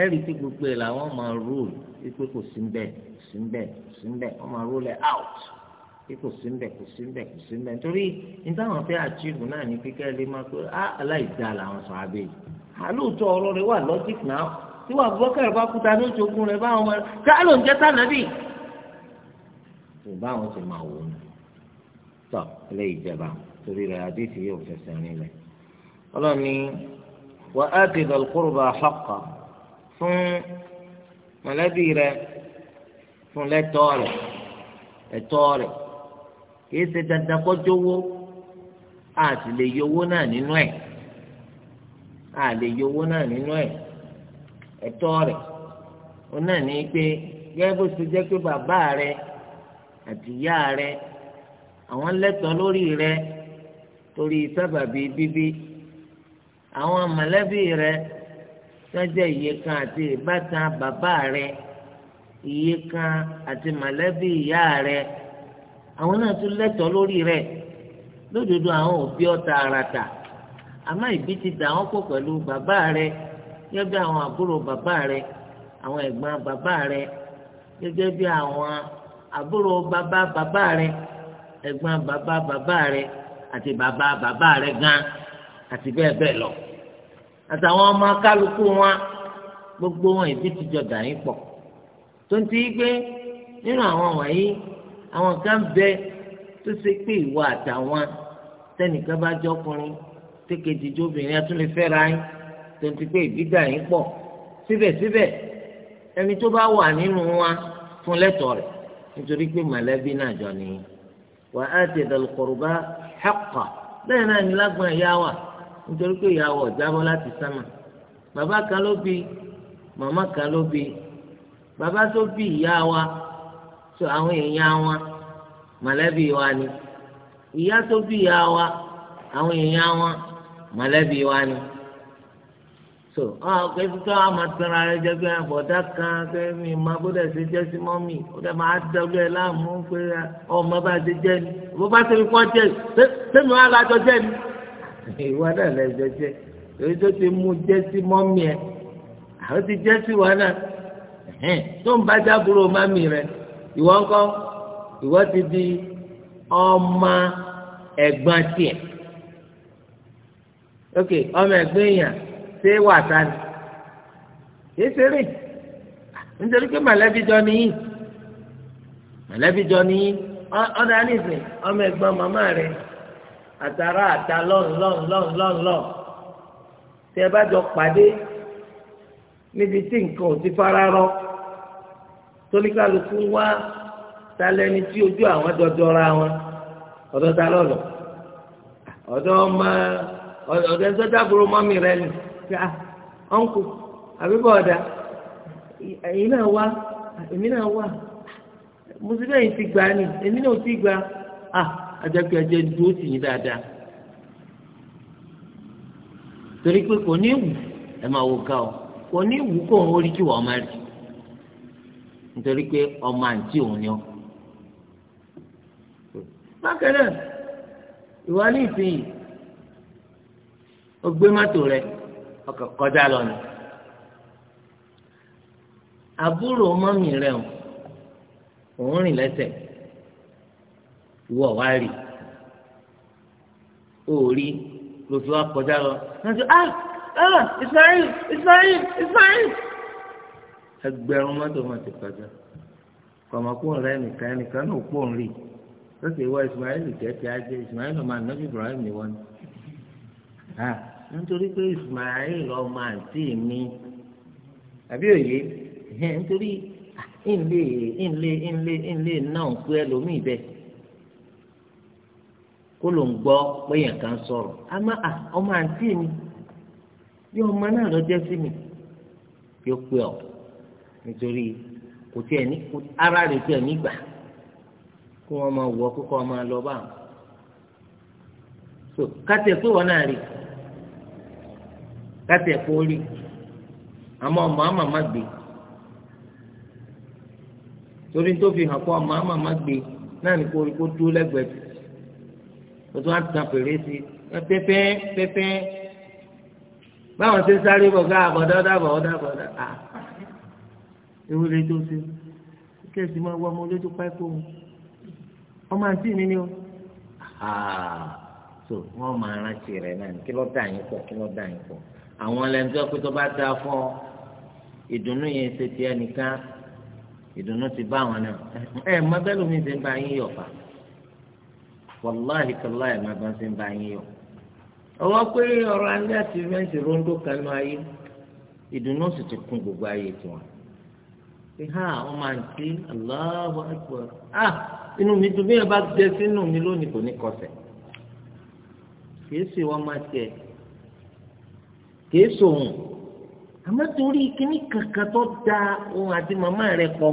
ẹ̀rí tí gbogbo ẹ̀ làwọn máa rúùlù wípé kò sí mbẹ̀ kò sí kò sí máa out kò sí kò sí kò sí nítorí nítawọn náà ní kíkẹ́ lè máa pé á ah, aláìdá làwọn sọ abẹ́ yìí àlóòótọ́ ọ̀rọ̀ rẹ̀ wà logic náà tí bá kúta ní báwọn máa ká ló ń sànàbì ti máa wò ó ilé ìjẹba torí àdéhìí yóò fẹsẹ̀ rìn fún mọ̀lẹ́bí rẹ fún lẹ́tọ́ rẹ kìí ṣe dandan kọjọ a sì lè yọ owó náà nínú ẹ̀ a lè yọ owó náà nínú ẹ̀ ẹ̀tọ́ rẹ ó náà ní pé gẹ́gẹ́ bó ṣe jẹ́ pé bàbá rẹ àti ìyá rẹ àwọn sẹ́jẹ́ ìyekan àti ìbátan bàbá rẹ ìyekan àti mọ̀lẹ́bí ìyá rẹ àwọn náà tún lẹ́tọ̀ọ́ lórí rẹ lódodo àwọn òbí ọ̀tá àràtà àmọ́ ìbí ti dà wọ́n pọ̀ pẹ̀lú bàbá rẹ gẹ́gẹ́ bí àwọn àbúrò bàbá rẹ àwọn ẹ̀gbọ́n bàbá rẹ gẹ́gẹ́ bí àwọn àbúrò bàbá bàbá rẹ ẹ̀gbọ́n bàbá bàbá rẹ àti bàbá bàbá rẹ gan àti bẹ́ẹ̀ bẹ́ẹ̀ lọ àtàwọn ọmọ akálukú wọn gbogbo wọn ìbí ti jọ dà yín pọ̀ tó ń ti gbé nínú àwọn wọ̀nyí àwọn kan bẹ tó ṣe pé ìwọ àtàwọn tẹnìkan bá jọkùnrin tékejì jóbìnrin atúnlẹ̀ fẹ́ra yín tó ń ti pé ìbí dà yín pọ̀ síbẹ̀síbẹ̀ ẹni tó bá wà nínú wa fún lẹ́tọ̀ọ́ rẹ̀ nítorí pé mọ̀lẹ́bí náà jọ nìyí wà á ti dàlùkọ̀rùbá haqqa bẹ́ẹ̀ náà ní lágbọ̀n ìyá wa nítorí pé ìyàwó ọ̀jábọ́ láti sámà bàbá kan ló bí màmá kan ló bí bàbá tó bí ìyá wa tó àwọn èèyàn wa mọ̀lẹ́bí wa ni ìyá tó bí ìyá wa àwọn èèyàn wa mọ̀lẹ́bí wa ni so ọkọ ibi tó a máa tẹnra rẹ jẹ pé àbọ̀dá kan pé mi máa bó dẹ̀ ṣe jẹ́ sí mọ́mì ó dẹ̀ máa dẹ́gbẹ́ ẹ láàmú pé ọmọ bá ṣe jẹ́ ni bó bá ṣe fi kọ́ jẹ́ ni sẹ́mi wà lájọ jẹ́ ni ìwọ náà lẹsẹ jẹ èyí tó ti mú jẹ sí mọ́mí ẹ àwọn ti jẹ sí wa náà tó ń bá jábúrò mọ́mí rẹ ìwọ ńkọ́ ìwọ ti di ọmọ ẹ̀gbọ́n tiẹ̀ ok ọmọ ẹ̀gbọ́n èèyàn ṣé wà tá ni kìí ṣeré nítorí pé mọ̀lẹ́bí jọ nìyí mọ̀lẹ́bí jọ nìyí ọ̀dà nìsín ọmọ ẹ̀gbọ́n màmá rẹ̀ àtàrà àta lọ́n lọ́n lọ́n lọ́n lọ́n tí ẹ bá jọ pàdé níbi tí nǹkan ò ti fara rọ tóníkàlùkù wá talẹ́ni tí ojú àwọn dọdọra wọn ọ̀dọ́ ta lọ́lọ́ ọ̀dọ́ ọmọ ọ̀dọ́ ẹ̀sọ́ dàgbòrò mọ́mì rẹ ni ṣá ọ̀nkù àbíbọ̀ ọ̀dà èyí náà wá èmi náà wá mùsùlùmí ti gbà ni èmi náà ti gbà ah. ajẹ́pẹ́ ẹjẹ́ dúró tì yín dáadáa torí pé kò ní wù ẹ máa wò ká o kò ní wù kó òun orí kí rí nítorí pé ọmọ àǹtí òun ni ọ. bákan náà ìwà ní rẹ ọkọ̀ kọjá lọ ni ìwọ wá rí òòrí ló fi wá kọjá lọ wọn sọ ah ah Ismail Ismail Ismail ẹgbẹ̀rún mọ́tò wọn ti kọjá kọmọkùnrin rẹ nìkan ẹnìkan náà pọ̀ ń rí ìwọ Ismail kẹ́kẹ́ ajé Ismail ọmọ anabi Ibrahim ni wọ́n ní nítorí pé Ismail ọmọ àǹtí mi àbí òye nítorí ìnlé ah, ìnlé ìnlé ìnlé náà ń pé ẹlòmíì bẹ́ẹ̀. kó ló ń gbọ́ péyàn kan sọ̀rọ̀ a ọmọ àǹtí mi bí ọmọ náà lọ jẹ́ sí mi yóò pé ọ nítorí kò tiẹ̀ ní ara rẹ̀ tiẹ̀ nígbà kó wọ́n máa wọ kó kọ́ ọ máa lọ bá wọn. so kátìẹ̀ pé wọ́n náà rí kátìẹ̀ pé ó rí gbé torí tó fi hàn pé ọmọ má gbé náà ní kó rí mo tún wá tàn pèrè sí pẹpẹ pẹpẹ báwọn ṣe sáré bọ̀ ká àbọ̀dá dàbọ̀ ọ̀dà bọ̀dá à ewu lè tó ṣe kẹ́sì máa wọ ọmọ olójú páípọ̀ mu ọmọ àǹtí mi ni o so wọ́n máa rántí rẹ̀ náà kí ló dà yín pọ̀ kí ló dà yín pọ̀ àwọn ẹlẹ́ńtọ́ pé tó bá da fún ọ ìdùnnú yẹn ṣe tiẹ̀ nìkan ìdùnnú ti bá àwọn náà ẹ mọ bẹ́ẹ̀ lómi ṣe ń bá yín yọ̀fà wàláhì tọ́lá ẹ̀ máa bá ń sìn bá yín yọ. ọwọ́ pé ọ̀rọ̀ alẹ́ àti fẹ́ǹsì rondo kan náà ayé ìdùnnú sì ti kún gbogbo ayé tiwọn. pé ha àwọn máa ń tí Allahu Akbar à ah, inú mi dùn bí ẹ bá jẹ sínú mi lónìí kò ní kọsẹ̀. kìí sì wọ́n máa tiẹ̀ kìí sòun àmọ́ torí kíní kankan tó da ohun àti màmá rẹ̀ pọ̀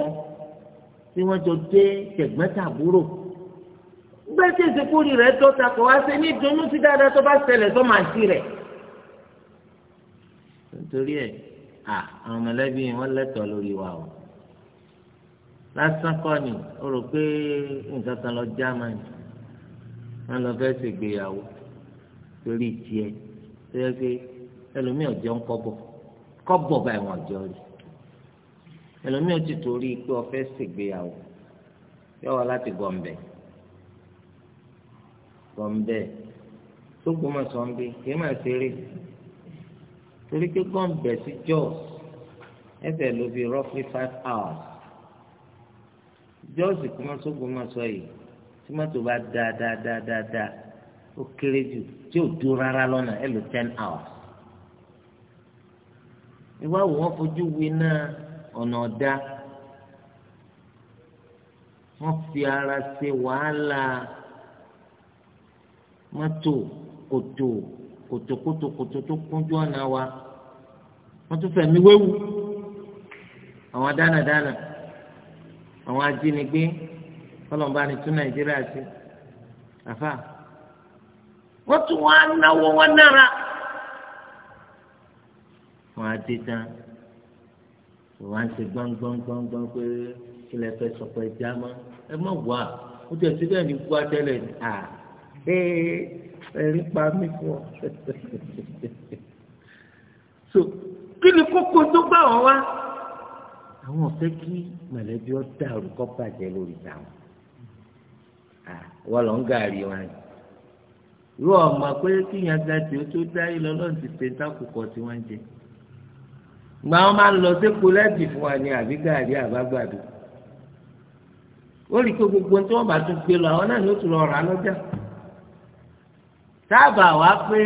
tí wọ́n jọ dé tẹ̀gbẹ́tàbúrò nígbà tí ìsìnkúri rẹ̀ dọ́ta kò wá sí ní dunu sí dáadáa tó bá ṣẹlẹ̀ tó máa sí rẹ̀. nítorí ẹ̀ àwọn mọ̀lẹ́bí wọn lẹ́tọ̀ọ́ lórí wa o lásán kọ́ ni ó rò pé nǹkan kan lọ Jámánì wọn lọ fẹ́ ṣègbéyàwó torí tiẹ̀ tó yẹ pé ẹlòmíì ọ̀jọ́ ń kọ́bọ̀ kọ́bọ̀ báyìí wọn ọ̀jọ́ rí ẹlòmíì ó ti torí pé ó fẹ́ ṣègbéyàwó yọ wá láti Gọ̀m̀bẹ́ sọ ń bẹ́ẹ̀ sógbómọ̀ sọ ń bí kì í máa ṣeré torí pé sí Jos ẹsẹ̀ ló fi roughly five hours Jos kúmọ̀ sógbómọ̀ sọ yìí tí mọ́tò bá dáa dáa dáa dáa dáa ó kéré jù tí ò dúró rárá lọ́nà ẹ lò ten hours ìwà wò wọ́n fojú wi náà ọ̀nà ọ̀dá wọ́n fi ara ṣe wàhálà mọ́tò kòtò kòtòkòtò kòtò tó kúnjú ọ̀nà wa wọ́n tún fẹ̀mí wéwu àwọn dánadáná àwọn ajínigbé kọlọ̀mbá ni tún nàìjíríà sí àfà wọ́n tún wá náwó wọn nára wọ́n á dé tán wọ́n á ṣe gbọ́ngbọ́ngbọ́ngbọ́n pé kílẹ̀ fẹ́ sọ pé jámọ́ ẹ má wà ó tẹ̀síbẹ̀ ní gbọ́ tẹ́lẹ̀ ní à ẹ̀rí pa mí fún ọ. so kí ni kókó tó gbà wọ́n wá àwọn ọ̀fẹ́ kí mọ̀lẹ́bí ọ dàrú kọ́ bàjẹ́ lórí táwọn wọ́n lọ ń gàrí wọn ni irú ọmọ pé kíyàn gàdí ó tó dá yìí lọ́lọ́run ti pè sákòkò tí wọ́n ń jẹ gbà wọn máa ń lọ sépo lẹ́ẹ̀dì fún wa ni àbí gàrí àbágbàdo ó rí i pé gbogbo ohun tí wọ́n bá tún gbé lọ àwọn náà ni ó tún lọ rà á lọ́jà sábà wá pé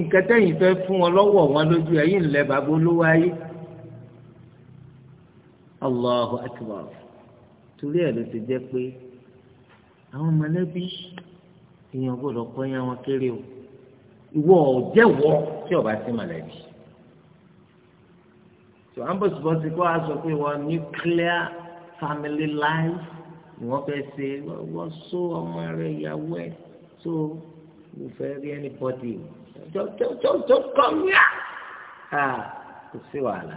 nǹkan tẹ̀yìn fẹ́ fún wọn lọ́wọ́ wọn lójú ẹ̀yìn ńlẹ̀ bàbá olówó ayé Allahu akbar torí ẹ̀ ló ti jẹ́ pé àwọn mọ̀lẹ́bí èèyàn gbọ́dọ̀ kọ́yìn àwọn kéré o ìwọ ò jẹ́wọ́ tí ọba sí mọ̀lẹ́bí so ambosibosi kọ́ a sọ pé wọ́n nuclear family life ni wọ́n fẹ́ ṣe wọ́n so ọmọ rẹ̀ ìyàwó ẹ̀ so mo fẹ́ rí anybody jọjọjọjọ come here kò sí wàhálà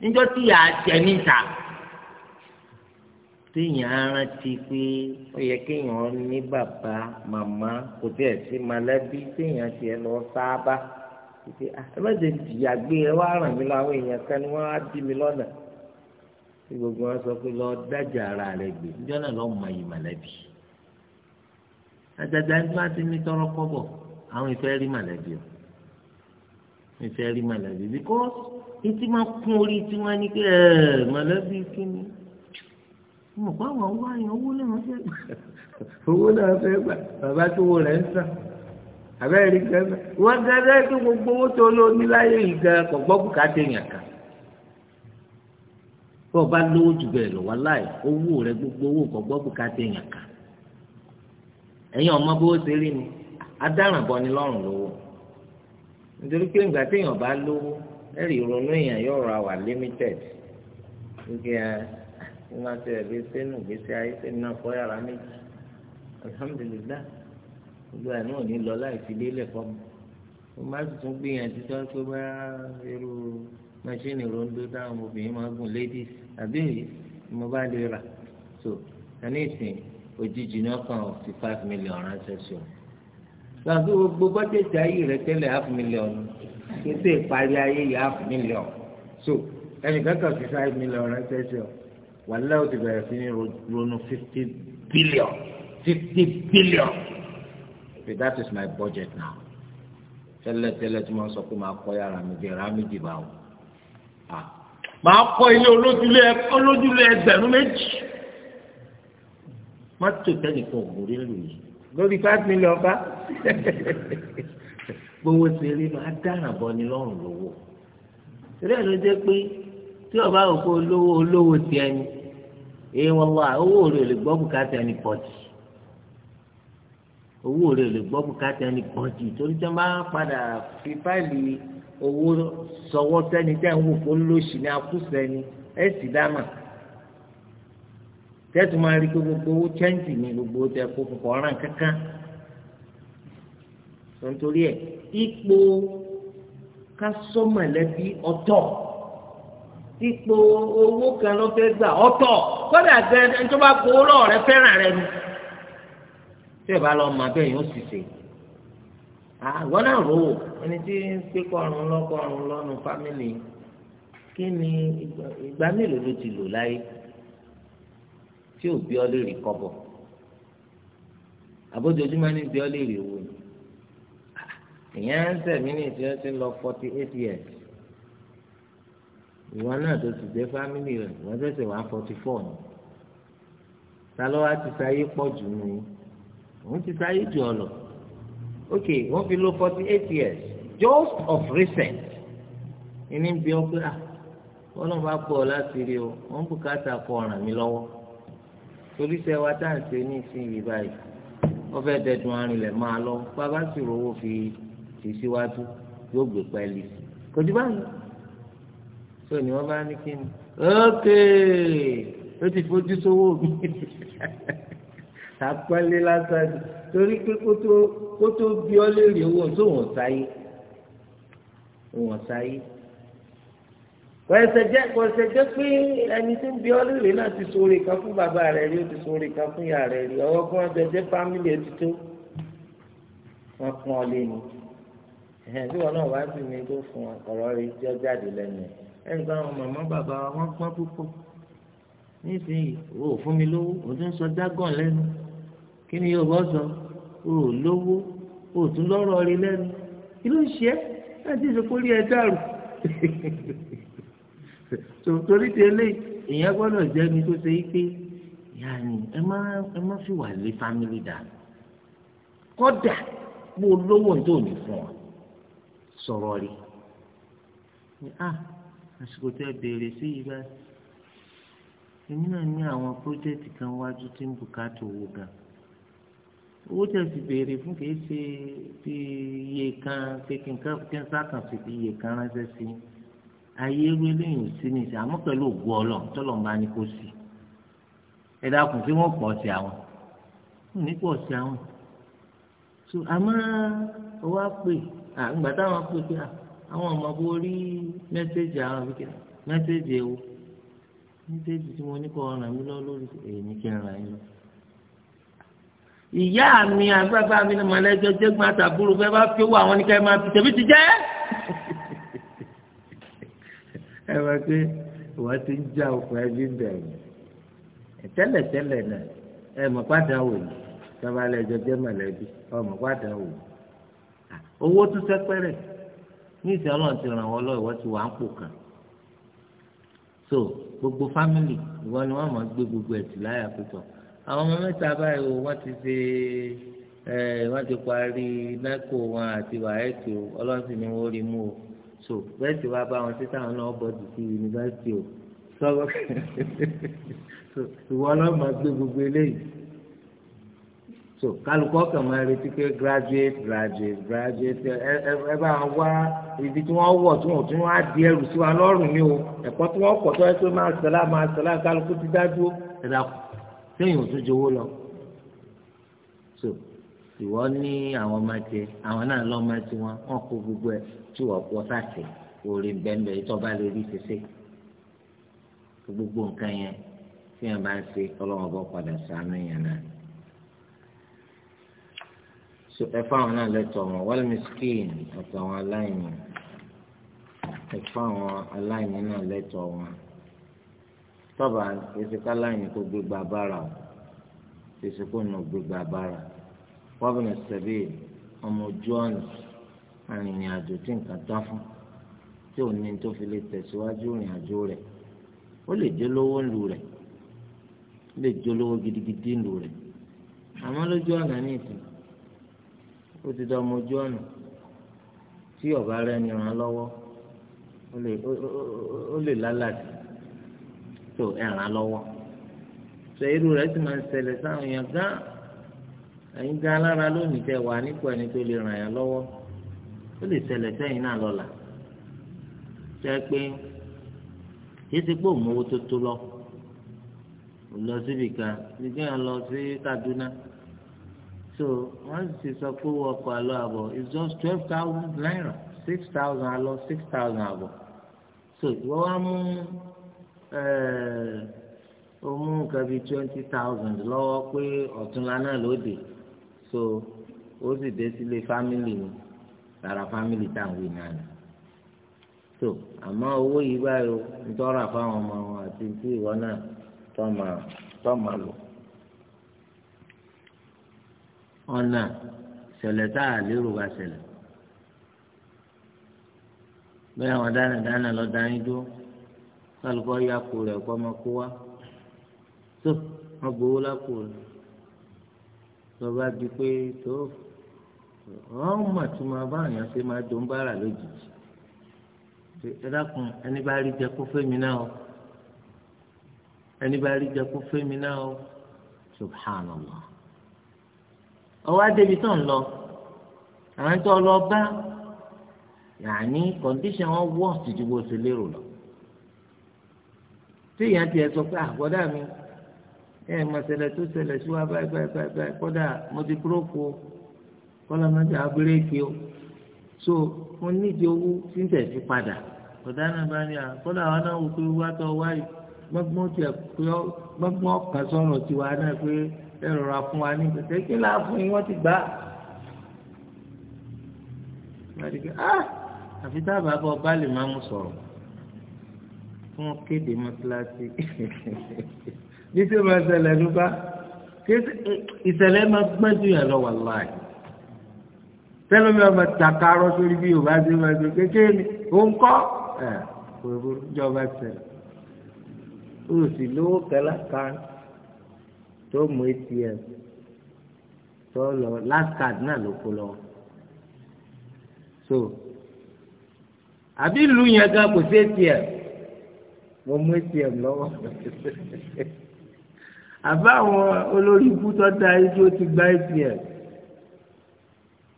níjọ́ tí yà á jẹ níta téèyàn rántí pé ó yẹ kéèyàn ní bàbá màmá kò tí ẹ̀ sí malẹ́bí téèyàn tiẹ̀ lọ sáábà títí ẹ má ṣe jìyà gbé ẹ wá ràn mí lọ èèyàn kan ni wọ́n á dí mi lọ́nà tí gbogbo wọn sọ pé lọ dájà ara rẹ gbé níjọ́ náà lọ́ọ́ mọ ìmọ̀lẹ́bí àjàjà ẹni bá ti ní tọrọ kọ́bọ̀ àwọn ìfẹ́ rí màlẹ́bí o ìfẹ́ rí màlẹ́bí because etí máa kún orí tí wọ́n ní pé ẹ̀ màlẹ́bí kí ni mo kọ́ àwọn owó àyàn owó náà fẹ́ gbà owó náà fẹ́ gbà bàbá tó wọ rẹ̀ ń sàn àbẹ́rẹ́ rí gẹ́gẹ́ wọ́n gẹ́gẹ́ tó gbogbo owó tó lọ níláyé yìí gan kò gbọ́ bùkátà èèyàn kan tó o bá lówó jù bẹ́ẹ̀ lọ wá láì owó rẹ gbogbo owó kò gbọ́ bùkátà èèyàn kan ẹ̀yin ọmọ bó ṣe rí ni adárànbọ ni lọ́rùn lówó nítorí pé ìgbà téèyàn bá lówó ẹ̀rì ìrònú èèyàn yóò ra wà limited gbogbo ẹ ẹ máa tẹ ẹbí sínú gbèsè ayé sínú náà fọ yàrá méjì alhamdulilayi gbogbo ẹ náà ní lọ láì fi lélẹ̀ fọ́ mi mo máa tún gbìyànjú tó pé bá irú mẹṣíìnì rondo táwọn obìnrin máa gùn ladies àbí mo bá lè rà so ẹ ní ìsìn òjijì náà kàn ó fi five million ránṣẹ́ sí ọ gbàgbé gbogbo bọ́jẹ̀tì ayé rẹ tẹ́lẹ̀ half million kété ìparí ayé yẹ half million so ẹnìkan kan fi five million ránṣẹ́ sí ọ wàlẹ́ o ti bẹ̀rẹ̀ sí ní ronú fifty billion fifty billion So that is my budget now tẹ́lẹ̀ tẹ́lẹ̀ tí wọ́n sọ pé máa kọ́ yàrá mi di yàrá mi di báwo máa kọ́ ilé olójúlé ẹgbẹ̀rún méjì. mọ́tò tẹ́nìkan ò borí lù yìí lórí five million bá gbowó ṣe rí ma adáhàn bọ ni lówó ìrẹ́ ló jẹ́ pé tí ọba òkú olówó olówó ti ẹni èyí wọn wá owó rẹ̀ lè gbọ́ bùkátà ẹni pọ̀jù owó lè gbọ́ bùkátà ẹni pọ̀jù torí tí wọ́n bá padà tẹ́tù máa rí pé gbogbo owó chẹ́ǹtì ni gbogbo tẹ kó fọkọ ọ̀ràn kankan tó ń torí ẹ̀ ipò kásọ́mọ̀lẹ́bí ọ̀tọ̀ ipò owó kan ló fẹ́ gbà ọ̀tọ̀ kọ́dà gẹ ẹni tó bá gbowó lọ́wọ́ rẹ fẹ́ràn rẹ ni tí ẹ bá lọ mọ abẹ́ yẹn ó sì ṣe àwọn náà rò ó ẹni tí ń pé kọrùn lọ́kọrùn lọ́nu fámìlì kí ni ìgbà mélòó ló ti lò láyé tí ò bí ọ lè rí kọ́bọ̀ àbójoojúmọ́ ní bí ọ lè rí owó ni ìyẹn ń tẹ̀mí ní ìṣe ti lọ forty eight years ìwọ náà tó ti dé fámìlì rẹ̀ wọ́n tẹ̀sẹ̀ wá forty four ni ta ló wá ti sáyé pọ̀ jù nù yín òun ti sáyé jù ọ lọ ok wọ́n fi lò forty eight years just of recent ìní bí ọ pé ah wọ́n náà bá pọ̀ láti rí o wọ́n bùkátà kọ ọ̀ràn mi lọ́wọ́ torí sẹ wa tá à ń ṣe ní ìsinyìí báyìí ọbẹ̀ dẹ̀dùn arìnlẹ̀ máa lọ bàbá sì rówó fi fi síwájú yóò gbé pẹ́ẹ́lí kò jù báyìí so ni wọ́n bá ní kí ni ókè ó ti fojú sówó mi àpẹẹlẹ lásán torí pé kótó bí ọ lè rí owó tó wọ́n kọ̀ẹ̀sẹ̀jẹ́ kọ̀ẹ̀sẹ̀jẹ́ pé ẹni tí ń bí ọlẹ́rìí náà ti sóore kan fún bàbá rẹ̀ rí ó ti sóore kan fún ìyá rẹ̀ rí ọwọ́ fún ọjọ́jẹ́ fámìlì ẹ̀ ti tó wọn pọ́n ọ ni ẹ̀hìn tí wọn náà wá sí mi tó fún ọ̀rọ̀ rí tí ó jáde lẹ́nu ẹ̀ ẹ̀rí bá wọn màmá bàbá wọn pọ́n púpọ̀ nísìnyí o ò fún mi lówó o tún sọ jágàn lẹ́nu kí ni yóò bọ́ sọ o ò lówó o ò tún lọ́rọ̀ rí lẹ́nu kí ló ń ṣe é láti ìsopó torí ti eléyìí èèyàn gbọ́dọ̀ jẹ́ ẹni tó ṣe é pé yàní ẹ má ẹ má fi wà lé fámìlì dànù kódà bó lówó tó ní fún ọ sọ̀rọ̀ rí ni a àsìkò tẹ béèrè sí yìí bá èmi náà ní àwọn pírójẹ́tì kan wájú tí ń bùkátà owó gan owó tẹ̀ sì béèrè fún kìí ṣe bí iye kan pé kí n sá kàn iye kan ránṣẹ́ sí i ayé irú eléyìí ò sí nìyí àmọ́ pẹ̀lú ògo Ọlọ́run tọ́lọ̀ ń bá ní kó sí ẹ dákun tí wọ́n pọ̀ sí àwọn ní pọ̀ sí àwọn so àmọ́ ọwọ́ pè àgbà táwọn pè pé àwọn ọmọ bó rí mẹ́sẹ̀gì àwọn àbíkẹ́ mẹ́sẹ̀gì ewu mẹ́sẹ̀gì tí mo ní kọ́ ọ̀ràn mi lọ lórí èmi kí n ràn yín lọ. ìyá mi àgbàgbà mi ni mọ̀lẹ́jọ́ jẹ́gbọ́n àtàbúrò bẹ́ẹ̀ bá fi owó àwọn oníkẹ́ máa fi tẹ̀bí ti jẹ́ ẹ wá pé wọ́n ti ń já ọkọ̀ ẹbí bẹ̀rù tẹ́lẹ̀tẹ́lẹ̀ náà ẹ mọ̀ padà wò ní sábàlẹ̀ jẹjẹ mọ̀lẹ́bí ọmọ padà wò ní. owó tún sẹ́pẹ́rẹ̀ ní ìsìn ti ràn wọ́n lọ́wọ́ ti wà ń pò kàn. so gbogbo fámìlì ìwọ ni wọ́n máa gbé gbogbo ẹ̀tì láyà pípọ̀. àwọn ọmọ mẹ́ta báyìí o wọ́n ti ṣe ẹ wọ́n ti parí nẹ́kọ̀ wọn àti wàhẹ́kì o ọlọ́run ni wọ́n rí mú o so bẹ́ẹ̀ sì wá bá wọn sí táwọn náà bọ́ sí yunifásitì o sọ́wọ́ ìwọ náà máa gbé gbogbo eléyìí so kálukọ́ kan máa retí pé graduate graduate graduate ẹ bá wọn wá ibi tí wọ́n wọ̀ tí wọ́n tí wọ́n á di ẹrù sí wa lọ́rùn ni o ẹ̀kọ́ tí wọ́n kọ̀ tó ẹ pé máa sẹ́lá máa sẹ́lá kálukú ti dá dúró ẹ̀dá sẹ́yìn ò tún jowó lọ ìwọ ní àwọn ọmọ tiẹ̀ àwọn náà lọ ọmọ tiwọn wọn kó gbogbo ẹ tí wọn kọ sáàtì orí bẹ́ẹ̀nbẹ́ẹ́ ìtọ́ba lè rí ṣẹṣẹ gbogbo nǹkan yẹn tí yẹn bá ń ṣe ọlọ́wọ́n bọ́ padà sànú yẹn náà ẹ fáwọn náà lẹ́tọ̀ wọn wal miskin àtàwọn aláìní ẹ fáwọn aláìní náà lẹ́tọ̀ wọn tọ́ba èsì káláìní kó gbégbá bára o nù gbégbá bára wabna sabil ọmọ ojú ọ̀nà arìnrìn àjò tí nǹkan tán fún tí ò ní tó fi lè tẹ̀síwájú ìrìn àjò rẹ̀ ó lè jólówó ńlu rẹ̀ ó lè jólówó gidigidi ńlu rẹ̀ àmọ́ lójú ọ̀nà ní ìsìn ó ti dá ọmọ ojú ọ̀nà tí ọ̀bá rẹ̀ ní ràn lọ́wọ́ ó lè lálàdì tó ẹ̀ lọ́wọ́ sọ irú rẹ̀ sì máa ń ṣẹlẹ̀ sáwọn èèyàn gan ẹ̀yin gan alára lónìí tẹ wà nípò ẹni tó lè ràn yàn lọ́wọ́ ó lè ṣẹlẹ̀ sẹ́yìn náà lọ́la tẹ́ pé kí ti pò mówó tó tó lọ lọ síbi kan gbígbé yàn lọ sí Kaduna so wọ́n sì sọ pé owó ọkọ̀ just twelve thousand naira six thousand alọ six thousand so ìwọ wa mú ọmú eh, nǹkan bíi twenty thousand lọ́wọ́ pé ọ̀túnla náà so ó sì dé sílé fámìlì ni lára fámìlì tá à ń wí náà ni so àmọ́ owó yìí báyìí ń tọ́ra fáwọn ọmọ wọn àti tí ìwọ náà tọ́ máa tọ́ máa lò ọ̀nà ṣẹlẹ̀ tá a lérò wá ṣẹlẹ̀ bẹ́ẹ̀ àwọn dáná dáná lọ dání dúró kálukọ́ yá kó rẹ̀ kọ́ máa kó wá tó wọ́n gbowó lápò rẹ̀ tó bá di pé tó wọ́n mọ̀ tí mo bá àyàn ṣe máa dùn bára lójijì ẹ dákun ẹni bá rí jẹ kó fẹ́mi náà o ẹni bá rí jẹ kó fẹ́mi náà o subhanallah ọwọ́ adébi tó ń lọ àwọn tó lọ bá yàní kọ́ndíṣàn wọn wọ́ọ̀sì ju bó ṣe lérò lọ tí ìyẹn ti sọ pé àgbọ̀dá ah, mi ẹ mọ̀sẹ̀lẹ̀ tó ṣẹlẹ̀ sí wa báyìí báyìí báyìí báyìí kọ́dà mo ti kúrókò kọ́lá má ti abúrékì o so mo nídìí owó tí ń tẹ̀sí padà kọ́dà náà bá ní à kọ́dà wa náà wò pé wá tọ́ wáyé gbọ́ngbọ́n tiẹ̀ pé gbọ́ngbọ́n kan sọ̀rọ̀ tiwa náà pé ẹ rọra fún wa ní ìgbésẹ̀ kí láà fún yín wọ́n ti gbà á ah! àfi dábàá bọ bá lè mú sọ̀rọ̀ fún kéde mọ́tíláṣí nítorí máa ṣẹlẹ̀ nípa eh, ìṣẹ̀lẹ̀ máa gbọ́n ju yàn lọ wà láàyè tẹlifí ọmọ takarọ sórí bí yorùbá ṣe máa ṣe kékeré ni òun kọ́ ẹ̀ kò jọba ṣẹlẹ̀ o sì lówó kẹlá kan tó mú atm tó lọ last card náà ló kó lọ so àbí ìlú yẹn gan kò sí atm mo mú atm lọ́wọ́. àbáwọn olórí ikú tó da ijó ti gba atm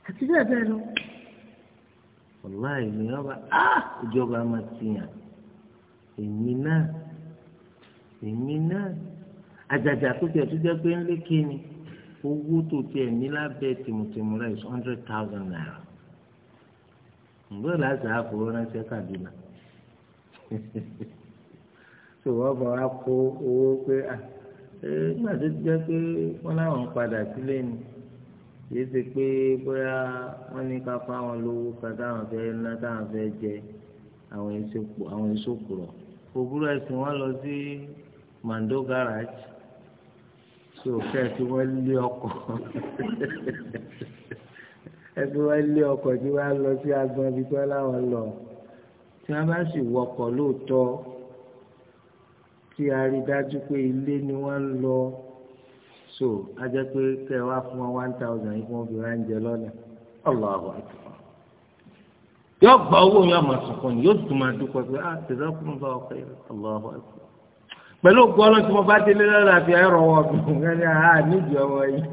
àti bẹ́ẹ̀ bẹ́ẹ̀ lọ wàláì ni ọba ah ìjọba máa ti yàn èmi náà èmi náà àjàjà tó tiẹ̀ tó jẹ́ pé ń lékè ni owó tó tiẹ̀ ní lábẹ́ tìmùtìmù rẹ̀ is hundred thousand naira ǹgbọ́ làásà àfọwọ́ ránṣẹ́ Kaduna tó wọ́n bọ̀ wá kó owó pé ah nígbà tó ti jẹ́ pé wọ́n láwọn padà sílé ni kì í ṣe pé bóyá wọ́n ní ká fá wọn lówó ká táwọn fẹ́ ná táwọn fẹ́ jẹ àwọn èso kùrọ̀ òwúrọ̀ ẹ̀sìn wọn lọ sí Mando garage tí ò fẹ́ tí wọ́n lé ọkọ̀ ẹbí wọ́n lé ọkọ̀ tí wọ́n lọ sí agbọ̀n ibi tí wọ́n láwọn lọ tí wọ́n bá sì wọkọ̀ lóòótọ́ kí a rí dájú pé ilé ni wọ́n ń lọ so a jẹ́ pé kẹ́ ẹ wá fún wọn one thousand yìí fún obìnrin oúnjẹ lọ́nà Allahu akbar yóò gba owó yóò máa sọ̀kọ̀ ni yóò tún máa dúpọ̀ pé ah tẹ̀sán fún un bá ọkọ yẹn Allahu akbar pẹ̀lú gbọ́dọ̀ tí mo bá délé lọ́la àti ẹ̀rọ wọ̀ ọ̀gbìn ẹni àá níjì ah, ọmọ yìí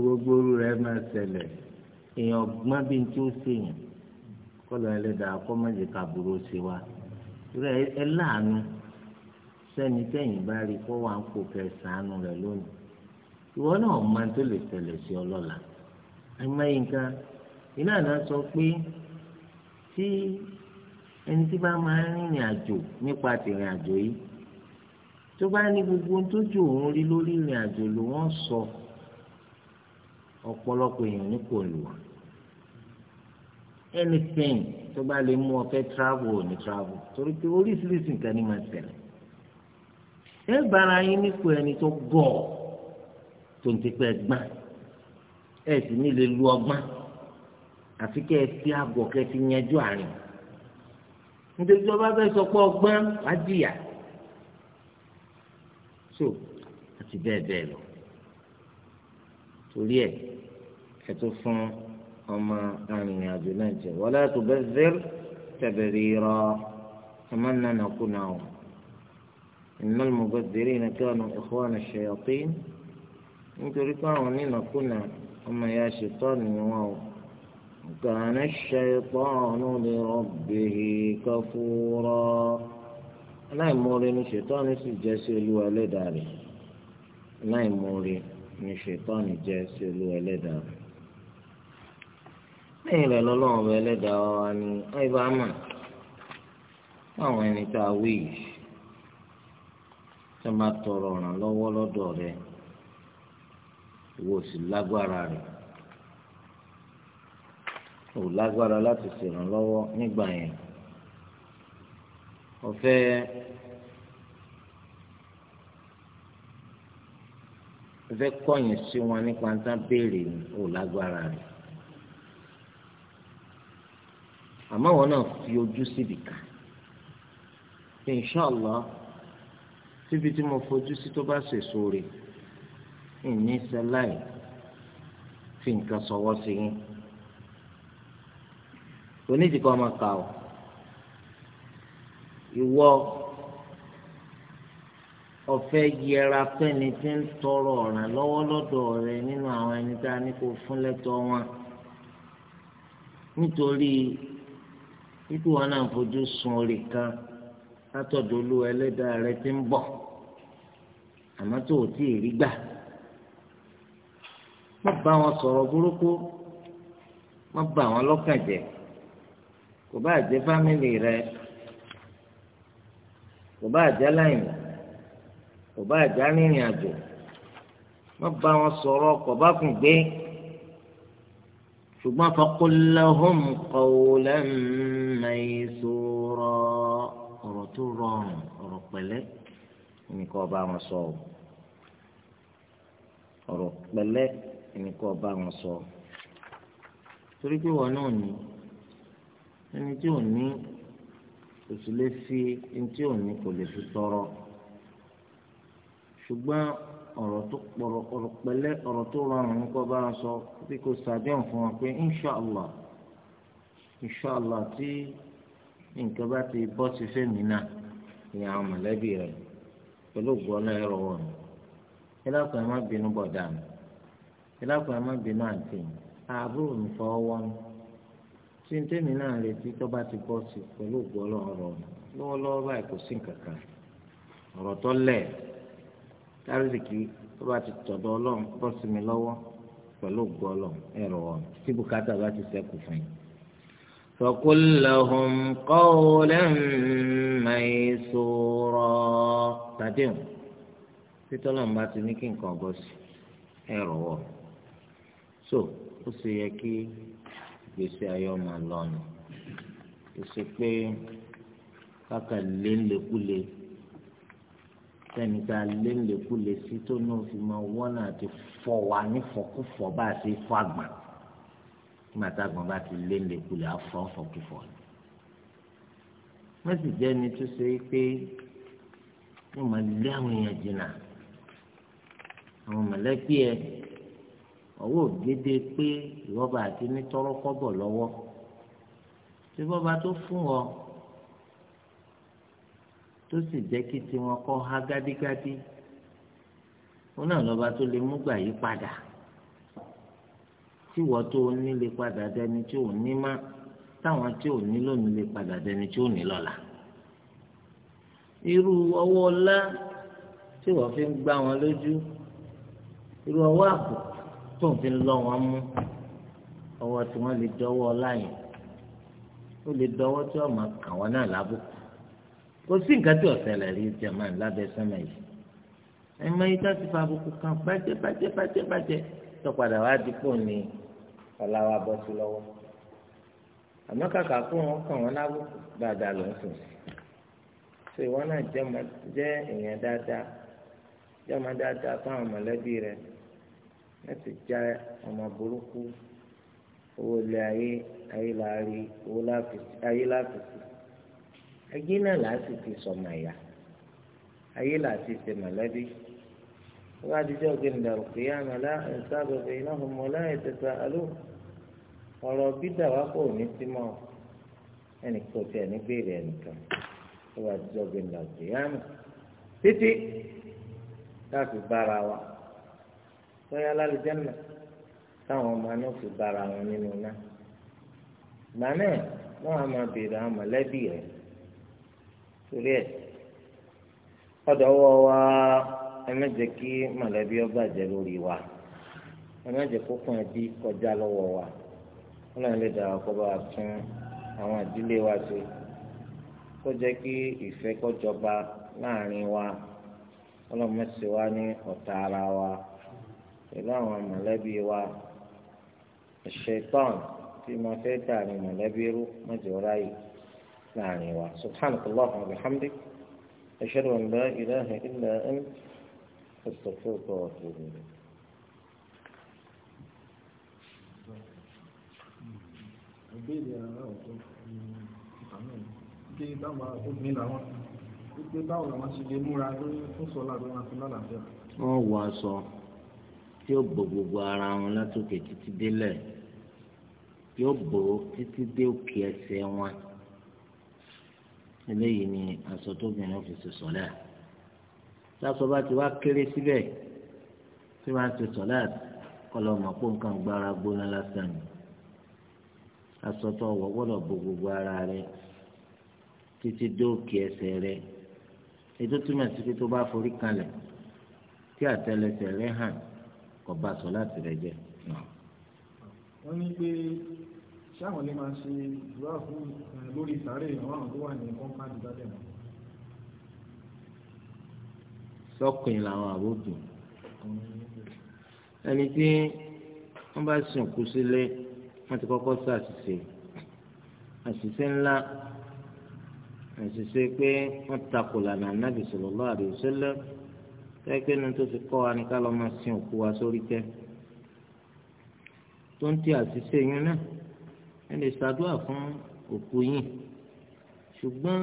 gbogbo orú rẹ̀ máa ṣẹlẹ̀ èèyàn gbọ́n bí tí ó ṣèyàn kọ́ rẹ ẹ láàánú sẹ́ni tẹ̀yìn bá rí kó wà ń kó kẹ sàánú rẹ lónìí ìwọ náà máa tó lè tẹ̀lẹ̀ sí ọlọ́la àìmọye nǹkan iná náà sọ pé tí ẹni tí bá máa ń rìnrìn àjò nípa tìrìn àjò yìí tó bá ní gbogbo tójú òun rí lórí ìrìn àjò ló wọ́n sọ ọ̀pọ̀lọpọ̀ èèyàn ní kò lù wá anything tó bá lè mú ọ fẹ́ travel ò ní travel torí pé oríṣiríṣi nǹkan ni máa ṣẹlẹ̀ ẹ bára yín nípò ẹni tó gọ̀ ọ́ tó ń tipẹ́ gbọ́n ẹ sì ní lè lu ọgbọ́n àfi kẹ́ ẹ fi àgọ̀ kẹ́ ẹ fi yanjú àárín nítorí tó bá fẹ́ sọ pé ọgbọ́n á jìyà so àti bẹ́ẹ̀ bẹ́ẹ̀ lọ torí ẹ ẹ tó fún أما يعني هذه ولا تبذر تبذيرا أتمنى نكونهم إن المبذرين كانوا إخوان الشياطين أنت رفعون إن كنا أما يا شيطان واو كان الشيطان لربه كفورا لا يموري من شيطان الجسل ولداري لا يموري من شيطان الجسل ولداري lẹ́yìn rẹ̀ lọ́lọ́run ọba ẹlẹ́dàá wa ni abrahamu àwọn ẹni tá a wí yìí tó máa tọrọ ọ̀ràn lọ́wọ́ lọ́dọ̀ rẹ ìwọ lagbara lágbára rẹ ò lágbára láti ṣèrànlọ́wọ́ nígbà yẹn ọ̀fẹ́ ọ̀fẹ́ kọ̀yìn sí wọn nípa ń tán béèrè ò lágbára àmọ́ wọn náà fi ojú síbi kan inṣàlá síbi tí mo fojú sí tó bá ṣe sóore ìní sẹláì fi nǹkan sọwọ́ sí yín onídìgbò ọmọ kà ó ìwọ ọ̀fẹ́ yẹra fẹ́ni tí ń tọrọ ọ̀ràn lọ́wọ́ lọ́dọ̀ rẹ nínú àwọn ẹni tá a ní kó fún lẹ́tọ̀ọ́ wọn nítorí wípé wọn náà fojú sun orí kan látọ̀dọ̀ olúwa ẹlẹ́dàá rẹ ti ń bọ̀ àmọ́ tó o tí ì rí gbà má bá wọn sọ̀rọ̀ burúkú má bá wọn lọ́kàn jẹ́ kò bá jẹ́ fámìlì rẹ kò bá jẹ́ láìní kò bá jẹ́ arìnrìn àjò má bá wọn sọ̀rọ̀ kò bá kùn gbé ṣùgbọ́n faqul lahum qawlan maysura ọ̀rọ̀ tó rọrùn ọ̀rọ̀ pẹ̀lẹ́ ẹnìkan ọba wọn sọ ọ ọ̀rọ̀ pẹ̀lẹ́ ẹnìkan ọba wọn sọ torí pé wọn náà ní ẹni tí ò ní kò sì lè fi ẹni tí ò ní kò lè fi tọrọ ṣùgbọ́n ọ̀rọ̀ tó pọ̀rọ̀ ọ̀rọ̀ pẹ̀lẹ́ ọ̀rọ̀ tó rọrùn ẹnìkan ọba wọn sọ bí kò sàdéhùn fún wọn pé inshàlá. inshallah tí nǹkan bá ti bọ́ sí fẹ́mi náà ní àwọn mọ̀lẹ́bí rẹ̀ pẹ̀lú gbọ́nà ẹ̀rọ wọn. ìlàkùn ẹ̀ má bínú bọ̀dà mi ìlàkùn ẹ̀ má bínú àǹtí mi àbúrò mi fọwọ́ wọ́n tí n tẹ́mi náà retí tó bá ti bọ́ sí pẹ̀lú gbọ́nà ọ̀rọ̀ mi lọ́wọ́lọ́wọ́ báyìí kò sí nǹkan kan ọ̀rọ̀ tó lẹ̀ tárísìkì tó bá ti tọ̀dọ̀ ọlọ́run bọ́ sí mi lọ́wọ́ pẹ̀lú gbọ́nà ẹ̀rọ wọn tí bùkátà bá ti fún yìí. فقل لهم قولا ميسورا تدين títọ́lọ́n bá ti ní kí nǹkan ọ̀gọ́ sí ẹ rọ̀wọ́ so ó sì yẹ kí ìgbésí ayé ọmọ lọ́nà ìṣe pé káka léńlékúlé sẹ́ni tá a léńlékúlé sí tó náà fi máa wọ́nà àti fọ̀ wá nífọ̀kúfọ̀ bá a ti fọ́ àgbà nígbà tá àgbọn bá ti lé lékulè afọ́fọ́kífọ́ ni mẹ́sì jẹ́ ni tó ṣe pé wọ́n máa lé àwọn èèyàn jìnnà àwọn mọ̀lẹ́bí ẹ ọwọ́ ògede pé ìwọ́ba àti nítọ́rọ́kọ́bọ̀ lọ́wọ́ tí bọ́ba tó fún ọ tó sì jẹ́ kí tiwọn kọ́ há gádígádí wọn náà lọ́ba tó lè mú gbà yí padà tí wọ́n tó ní lè padà dẹni tí ò ní má táwọn tí ò ní lónìí lè padà dẹni tí ò ní lọ́la. irú ọwọ́ ọlá tí wọ́n fi ń gbá wọn lójú irú ọwọ́ àpò tó ń fi lọ́ wọn mú ọwọ́ tí wọ́n lè dọ́wọ́ ọlá yẹn ó lè dọ́wọ́ tí wọ́n máa kàn wọ́n náà lábùkù kò sí nǹkan tí ọ̀sẹ̀lẹ̀ rí jẹ̀mọ́ lábẹ́ sẹ́mẹ̀ yìí ẹ̀mọ́ yìí tó ti fa àbùkù kan bàjẹ́ bàjẹ́ bàjẹ́ bàjẹ́ padà wá dípò ní ọlá wa bọ́ sí lọ́wọ́ àmọ́ kàkà kó wọn kàn wọn lábùkù dáadáa ló ń sùn sí ìwọ náà jẹ́ èèyàn dáadáa ọmọ dáadáa fáwọn mọ̀lẹ́bí rẹ láti já ọmọ burúkú owó ilé ayé ayé láàrí owó ayé láfìsí ayé náà بعد جو عند القيامة لا إنساب بينهم ولا يتساءلون ọ̀rọ̀ bídà wá kò ní símọ́ ẹnì kò tí ẹni béèrè ẹnìkan tó wà jọ gbẹ̀ndà òkèèyàn títí láti bára wa bóyá lálùjẹ́nà táwọn ọmọ náà fi bára wọn nínú náà ìgbà náà wọn á máa béèrè àwọn mọ̀lẹ́bí rẹ̀ torí ẹ̀ ọ̀dọ̀ wọ́ wa ẹ má jẹ́ kí mọ̀lẹ́bí ó bàjẹ́ lórí wa ẹ má jẹ́ kó kàn bí kọjá lọ́wọ́ wa Ọlọ́run lè dára kó bá wa tún àwọn ìdílé wa ṣe kó jẹ́ kí ìfẹ́ kó jọba láàrin wa Ọlọ́run má ṣe wa ní ọ̀tá ara wa pẹ̀lú àwọn mọ̀lẹ́bí wa ṣetán tí mo fẹ́ dà ní mọ̀lẹ́bí rú mọ́jọ́ ráyè láàrin wa subhanahu wa ta'ala wa bihamdik ashhadu an la ilaha استغفرك واتوب اليك wọ́n wọ aṣọ tí ó bò gbogbo ara wọn látòkè títí délẹ̀ yóò bò títí dé òkè ẹsẹ̀ wọn eléyìí ni aṣọ tóbìnrin fi ṣe sọlá táṣọ bá ti wá kéré síbẹ̀ tí wọ́n á ti sọ̀lá kọlọ mọ̀ pé nǹkan gbára gbóná lásán ni aṣọ tó wọ̀ gbọ́dọ̀ bo gbogbo ara rẹ títí dóòkì ẹsẹ̀ rẹ ètò túmọ̀ sí pé tó bá forí kalẹ̀ tí àtẹ́lẹsẹ̀ rẹ hàn kò bá sọ láti rẹ jẹ. wọ́n ní pé ṣáwọn lè máa ṣe ìdúrà fún lórí sàárè àwọn àwọn tó wà ní kọ́ńpáàdì dáadáa sọkùnrin làwọn àbòdùn ẹni tí wọ́n bá sìn kú sílé wọ́n ti kọ́kọ́ sọ àṣìṣe àṣìṣe ńlá àṣìṣe pé wọ́n takò lànà ànábì sallallahu alaihi wasallam kẹ́kẹ́ nu tó fi kọ́ wa ní ká lọ́ọ́ máa sin òkú wa sórí tẹ́ tó ń ti àṣìṣe yín náà ẹ ṣàdúrà fún òkú yín ṣùgbọ́n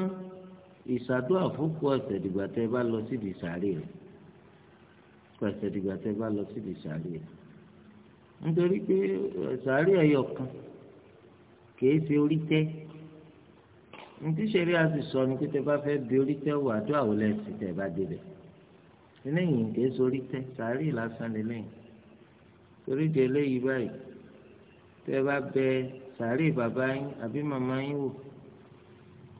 ìsàdúrà fúnkù ọ̀sẹ̀ dìgbà tẹ́ bá lọ sí di sàárè rẹ̀ ọ̀sẹ̀ dìgbà tẹ́ bá lọ sí di sàárè rẹ̀ nítorí pé eh, sàárè ẹ̀yọ̀ kan kìí ṣe orí tẹ́ ntí sẹ́rí a sì sọ ni pé tẹ́ bá fẹ́ bi orí tẹ́ wò àdó àwọn lẹ́sìn tẹ́ bá débẹ̀ lẹ́yìn kìí ṣe orí tẹ́ sàárè lásán ni lẹ́yìn torí di eléyìí báyìí tẹ́ bá bẹ sàárè bàbá yín àbí màmá yín wò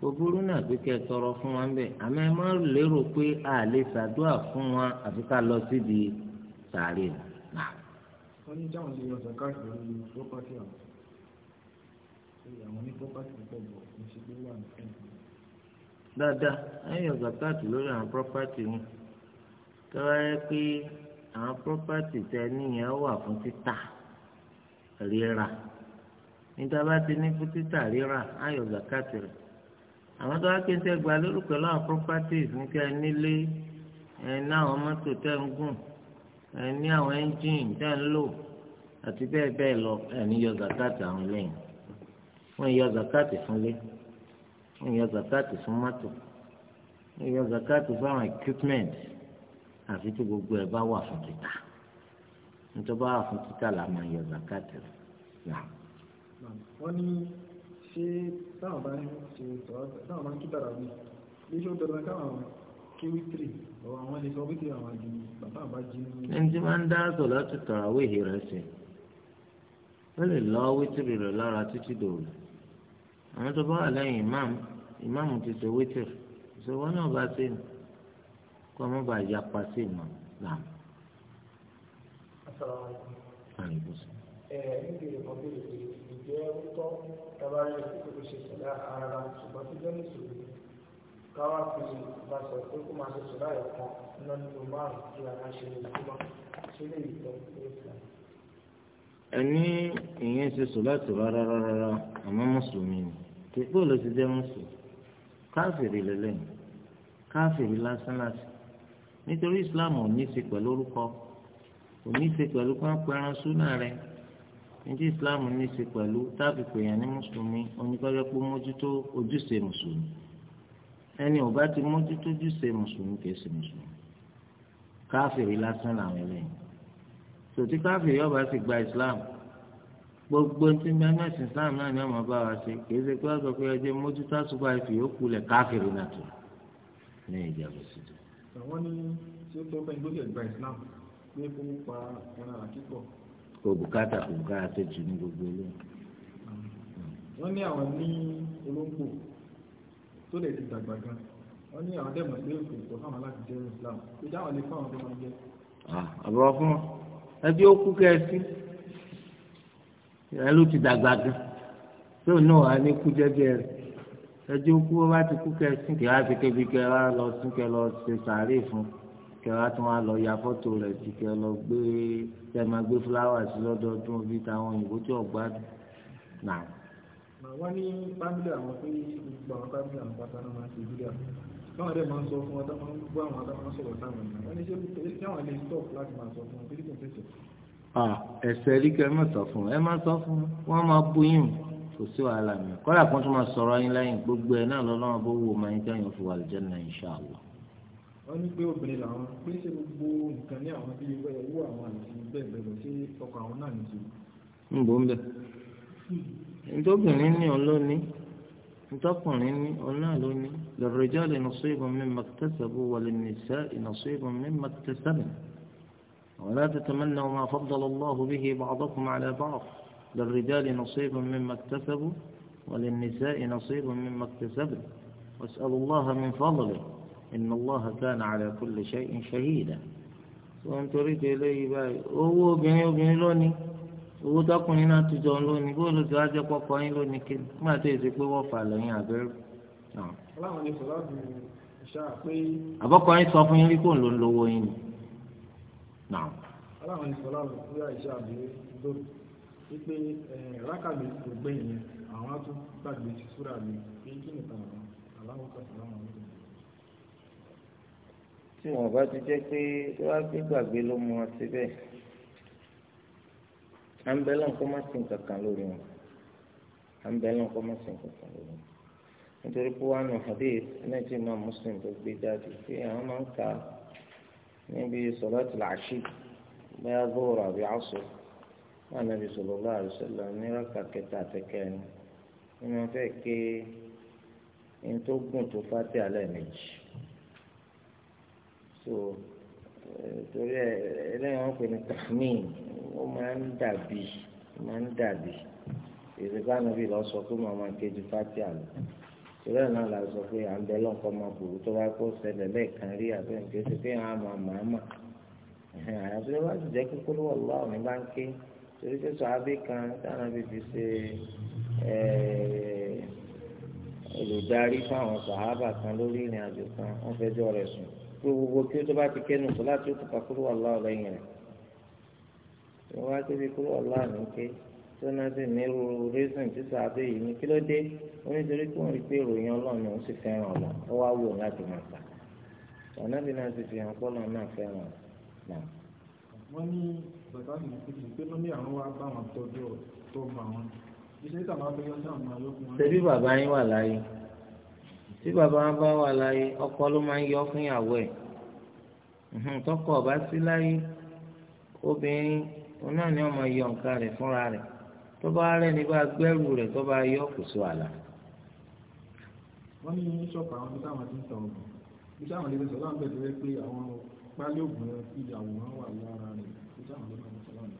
òbúrú náà pé kẹ́ ẹ tọrọ fún wa ń bẹ̀ àmọ́ ẹ má lérò pé a lè ṣàdúrà fún wa àfi ká lọ síbi sàárè nà. wọ́n ní táwọn ṣe yọ zakat lórí pọ́pátì àwọn àwọn ní pọ́pátì púpọ̀ bọ̀ kò ṣe pé wà nìkan. dáadáa ẹ yọ zakat lórí àwọn pọ́pátì wọn tọ́wá yẹ pé àwọn pọ́pátì tẹ níyẹn wà fún títà rírà níta bá ti ní fún títà rírà á yọ zakat àwọn tó wá ké ń tẹ́ gba lórí pẹ̀lú properties ní kẹ́ ẹ nílé ẹ ní àwọn mọ́tò tẹ́ ń gùn ẹ ní àwọn engine tẹ́ ń lò àti bẹ́ẹ̀ bẹ́ẹ̀ lọ ẹ yọ zakati àwọn lẹ́yìn wọ́n yọ zakati fún lé wọ́n yọ zakati fún mọ́tò wọ́n yọ zakati fún àwọn equipment àfi tí gbogbo ẹ bá wà fún títà nítorí bá wà fún títà là máa yọ zakati rẹ̀ yà. wọ́n ní ṣé táwọn bá ń ṣe táwọn bá ń kíkàrà bí bí ṣe ó tọ́lọ́ káwọn kí wítìrì lọ́wọ́ àwọn ẹni sọ wítìrì àwọn àjò bàbá àbá jí ní. ẹni tí máa ń dá sọ láti tàràwé ìhè rẹ sí ó lè lọ wítìrì rẹ lára títí dòru àwọn tó bá wà lẹ́yìn ìmáàmù ìmáàmù ti ṣe wítìrì ìṣòwò náà bá ṣe nù kó ọmọ bá yá pa sí ìmọ̀ náà. Assalamu alaikum. Ẹ ẹ́ níbi ìkọ́bí ìjẹ́ ó tọ́ tabarí rẹ̀ kókò tó ṣe sọ̀dá ara rà ṣùgbọ́n tó jẹ́ mùsùlùmí káwá fi bá sọ pé kó máa ṣe sọ̀dá ẹ̀ kan iná nínú márùn-ún tí ara ṣe lè kó máa ṣe lè yíyọ ní ìsìn. ẹni ìyẹn ṣe sọ láti rárá rárá àmọ́ mùsùlùmí ni tí pé olè ti jẹ́ mùsùlùmí káfìrí lélẹ́yìn káfìrí lásán lásán nítorí Islam ò ní í ṣe pẹ̀lú orúkọ ò ní í ṣe pẹ̀lú pápá ẹran súnà rẹ̀ níbi islam ní í ṣe pẹ̀lú táàbì pèèyàn ní mùsùlùmí oníkọ́jọ́ pé mójútó ojúṣe mùsùlùmí ẹni ò bá ti mójútó ojúṣe mùsùlùmí kìí ṣe mùsùlùmí káfìrí lásán làwọn eléyìí tòtí káfìrí ọba ti gba islam gbogbo tí mẹ́mẹ́ sí islam náà ni ọmọ bá wa ṣe kìí ṣe pé ọ̀sọ̀ pé ọjọ́ mójútó àṣùbà ìfì yòókù lẹ̀ káfìrí náà tó ní ìjẹ́bù sí i. àwọn ní kò bùkátà kò bùkátà tó jù ní gbogbo ilé. wọ́n ní àwọn ní olóńgbò tó lè ti dàgbà gan wọ́n ní àwọn dẹ́mọ̀ pé kò tọ́ fáwọn láti jẹ́ Islam pé dáwọn lè fáwọn tó máa jẹ́. àbúrò fún wọn ẹbí ó kú kẹ́ẹ̀sì ẹ ló ti dàgbà gan tó náà á ní kú jẹ́jẹ́ rẹ̀ ẹjọ́ kú ó bá ti kú kẹ́ẹ̀sì kí á ti kébi kẹ́ wá lọ sí kẹ́ lọ ṣe sàárè fún un kẹwàá tí wọn lọ ya fọ́tò rẹ̀ tí kẹ lọ gbé kẹ máa gbé fúláwà sí lọ́dọọdún bí táwọn òyìnbó tí ò gbádùn náà. wọ́n ní fámìlì àwọn pé gbogbo àwọn fámìlì àwọn pátá náà máa ń ṣe bílíà káwọn dẹ̀ máa ń sọ fún wọn táwọn gbọ́ àwọn táwọn sọ̀rọ̀ táwọn ènìyàn wọ́n ní ṣé káwọn lè stop láti máa sọ fún wọn kíríkì tẹ̀sẹ̀. ẹsẹ̀ rí kẹ́ mọ̀ sọ fún ẹ má sọ fún wọn máa bú yín kò sí wàhálà mi kọ́lá kan tó máa sọ̀rọ̀ yín lẹ́yìn gbogbo ẹ̀ náà lọ́lọ́run bó wo máa ń jẹ́ yín fún wàlúùjẹ́ náà inṣàlá. wọ́n ní pé obìnrin làwọn pé ṣe gbogbo nǹkan ní àwọn bí owó àwọn àti bẹ́ẹ̀ bẹ́ẹ̀ lọ sí ọkọ̀ àwọn náà nìyí. ń bò ń bẹ̀. ntọ́kùnrin ní ọlọ́ni ntọ́kùnrin ní ọ̀nà lóní lirrijali nasibun mimma iktasabu wa lè mi linnisa'i nasibun mimma iktasabna ولا تتمنوا ما فضل الله به بعضكم على بعض للرجال نصيب مما اكتسبوا وللنساء نصيب مما اكتسبن واسألوا الله من فضله inna Allaha kana ala kulli shay'in shahida wọ́n torí de eléyìí báyìí owó obìnrin obìnrin lónìí owó tọkùnrin náà ti jọ lónìí bó ló ti wá jẹ́ pọ́pọ́ yín lónìí kí nígbà tó yẹ ti pé wọ́n fà lẹ́yìn abẹ́rù. ọlọ́run ní sọ̀rọ̀ bí ìṣá pé. àbọ̀kọ yín sọ fún yín kó ló ń lówó yín ni. ọlọ́run ní sọ̀rọ̀ bí ìṣá bí lórí wípé rákàbí kò gbẹ̀yìn àwọn á tún gbàgbé sí súrà mi pé kí nìkan àwọn aláwọ̀ kọ̀ọ̀kan láwọn ọ̀dọ́ tí wọn bá ti jẹ́ pé tí wọn gbé gbàgbé ló mú wọn síbẹ̀ à ń bẹ lọ́n kọ́ má sìn kankan lórí wọn à ń bẹ lọ́n kọ́ má sìn kankan lórí wọn nítorí pé wọn nù hadith náà tí Imam tó gbé jáde pé àwọn máa ń kà níbi sọláàtì làásì bẹ́ẹ̀ bóòrò àbí àṣọ wọn nàbí sallallahu alaihi wasallam ní rákà kẹta àtẹkẹrin ni wọn fẹ́ ké ní tó gùn tó fàtí alẹ́ méjì so eh, torí ẹ ẹlẹ́yìn wọn pè ní tahmin ó máa ń dàbí máa ń dàbí ìrìbá nàbí lọ sọ pé màmá kejì fátíà lọ torí ẹ náà la sọ pé à ń bẹ lọ́kọ́ máa bòrò tó bá kó ṣẹlẹ̀ lẹ́ẹ̀kan rí àbẹ̀yìn kí ó ti pé àwọn àmà màmá àyàfi lọ́wọ́ ti jẹ́ kókó lọ́wọ́ lọ́wọ́ ní báńkì torí pé sọ abẹ́ kan táwọn bíbí ṣe eh, olùdarí fáwọn sàhábà kan lórí ìrìn àjò kan wọ́n fẹjọ́ rẹ̀ sùn pé gbogbo kí ó tó bá ti kẹ́nu sọ láti ó tó ka kúrò wà láwọ lẹ́yìn rẹ̀ wọ́n wá síbi kúrò wà láwọ ní ké tí wọ́n sì ní irú rẹ́sìn tí sàbẹ̀ yìí ní kí ló dé wọ́n nítorí pé wọ́n rí pé ìròyìn ọlọ́run òun sì fẹ́ràn ọ̀la ó wá wò láti máa gbà ọ̀nàbí náà ti fi hàn pọ́ lọ́nà náà fẹ́ràn náà. wọ́n ní bàbá mi ti di pé lóní àwọn wá bá wọn tọ́jú tó máa wọn tí bàbá wọn bá wà láyé ọkọ ló máa ń yọ fún ìyàwó ẹ̀ tọkọ ọba sí láyé obìnrin òun náà ni wọn máa yọ nǹkan rẹ̀ fúnra rẹ̀ tó bá rẹ̀ ní bá gbẹ́rù rẹ̀ tó bá yọ kò sọ àlà. wọ́n ní ṣọ́ọ̀pù àwọn ibi táwọn ti ń ta oògùn ibi táwọn lè sọ láǹbẹ̀ tó rẹ pé àwọn pálí oògùn ìyàwó wọn wà lára rẹ̀ ibi táwọn lè sọ láǹbẹ̀.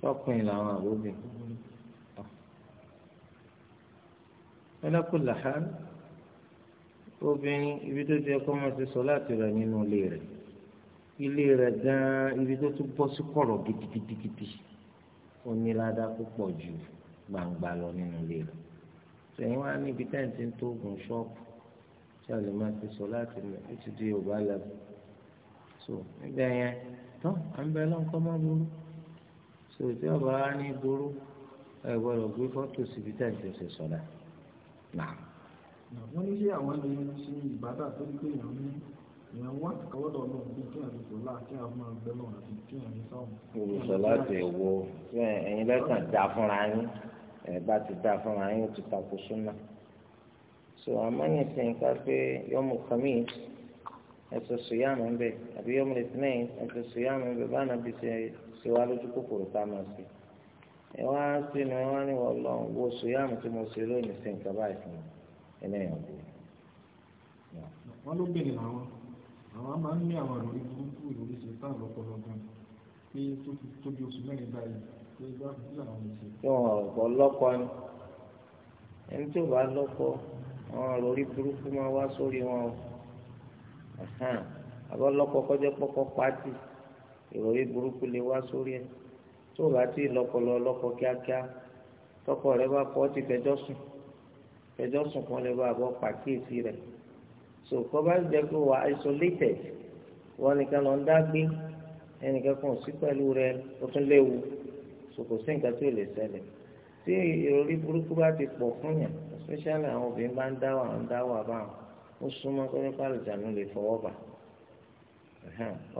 tọkùnrin làwọn àbóbìn. ọlọ́kùnrin làhán obìnrin ibi tó ti yẹ kó máa ṣe sọ láti rẹ̀ nínú ilé rẹ̀ ilé rẹ̀ gan-an ibi tó tún bọ́ sí kọ̀rọ̀ gidigidigidi ó ní ládàá púpọ̀ ju gbangba lọ nínú ilé rẹ̀ sẹ́yìn wá níbi tẹ́ǹtì tó gùn ṣọ́ọ̀pù tí a lè máa ṣe sọ láti rẹ̀ ó ti di yorùbá lẹ́bù so níbẹ̀ yẹn tán à ń bẹ lọ́nkọ́ má burú so tí ọba á ní burú ẹ gbọ́dọ̀ gbé fọ́tò síbi tẹ́ǹtì ṣe sọ̀dá náà wọ́n ní ṣé àwọn lè ṣe ìbádà tó ní pé èèyàn ní èèyàn wá àkọwọ́dọ̀ náà bí kí àti sọlá kí àwọn máa bẹ́ lọ́wọ́ àti kí àti sáwọn. olùsọ láti wo ẹ̀yin lẹ́kàn dá fúnra yín ẹ̀ bá ti dá fúnra yín ó ti takò súnà so amánìsìn ká pé yọmọ kàmí ẹsẹ sùyàmù ń bẹ àbí yọmọ ìtìlẹyìn ẹsẹ sùyàmù ń bẹ bá nàbí ṣe wá lójú kòkòrò ká máa ṣe ẹ wá sínú ẹ wá ní wọlọ wo sùyàmù tí mo ṣe lónìí sí báyìí fún mi ẹlẹ́yìn ọ̀dọ́. wọ́n ló bèrè àwọn àwọn máa ń ní àwọn àròrí burúkú ìròrí ṣe tá àlọ́pọ̀lọ́ gan pé tóbi oṣù mẹ́rin báyìí pé ìgbà tí àwọn ìṣe. tí wọn ọ̀pọ̀ lọ́kọ ni ẹni tí ò bá lọ́kọ àwọn àròrí burúkú máa wá sórí wọn o àbọ̀ lọ́kọ kọjá pọ́kọ́ pátì ìròrí burúkú lè wá sórí ẹ̀ tó o bá ti lọ́kọ lọ lọ́kọ kíákíá tọkọ rẹ bá kọ́ ti fẹjọ́ sùn ẹjọ́ sùn kan lè bá àbọ̀ pàkíyèsí rẹ̀ so kọ́ bá jẹ́ pé wà isolated wọ́n nìkan lọ ń dá gbé ẹnìkan kan sí pẹ̀lú rẹ̀ ó tún léwu so kò sí nǹkan tí ò lè ṣẹlẹ̀ tí ìròrí burúkú bá ti pọ̀ fún yàn especially àwọn obìnrin bá ń dá wà ń dá wà báwọn ó súnmọ́ pé nípa àlùjánu lè fọwọ́ bà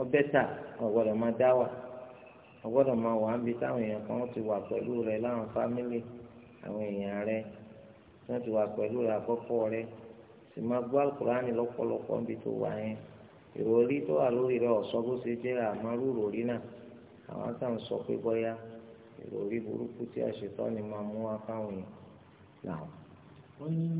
ọbẹ̀ tà ọ̀gbọ́dọ̀ máa dá ọ̀gbọ́dọ̀ máa wà ń bi táwọn èèyàn kan ti wà pẹ̀lú rẹ̀ láwọn fámìlì àwọn èèyàn rẹ̀ wọ́n ti wà pẹ̀lú rẹ̀ àkọ́kọ́ rẹ̀ sì máa gbọ́ àlùkùránì lọ́pọ̀lọpọ̀ níbi tó wà yẹn ìròrí tó wà lórí rẹ̀ ọ̀sọ́ bó ṣe jẹ́ àmọ́rú ìròrí náà àwọn kan sọ pé bọ́yá ìròrí burúkú tí àṣetọ́ ni máa mú wá fáwọn yẹn làwọn. wọ́n ní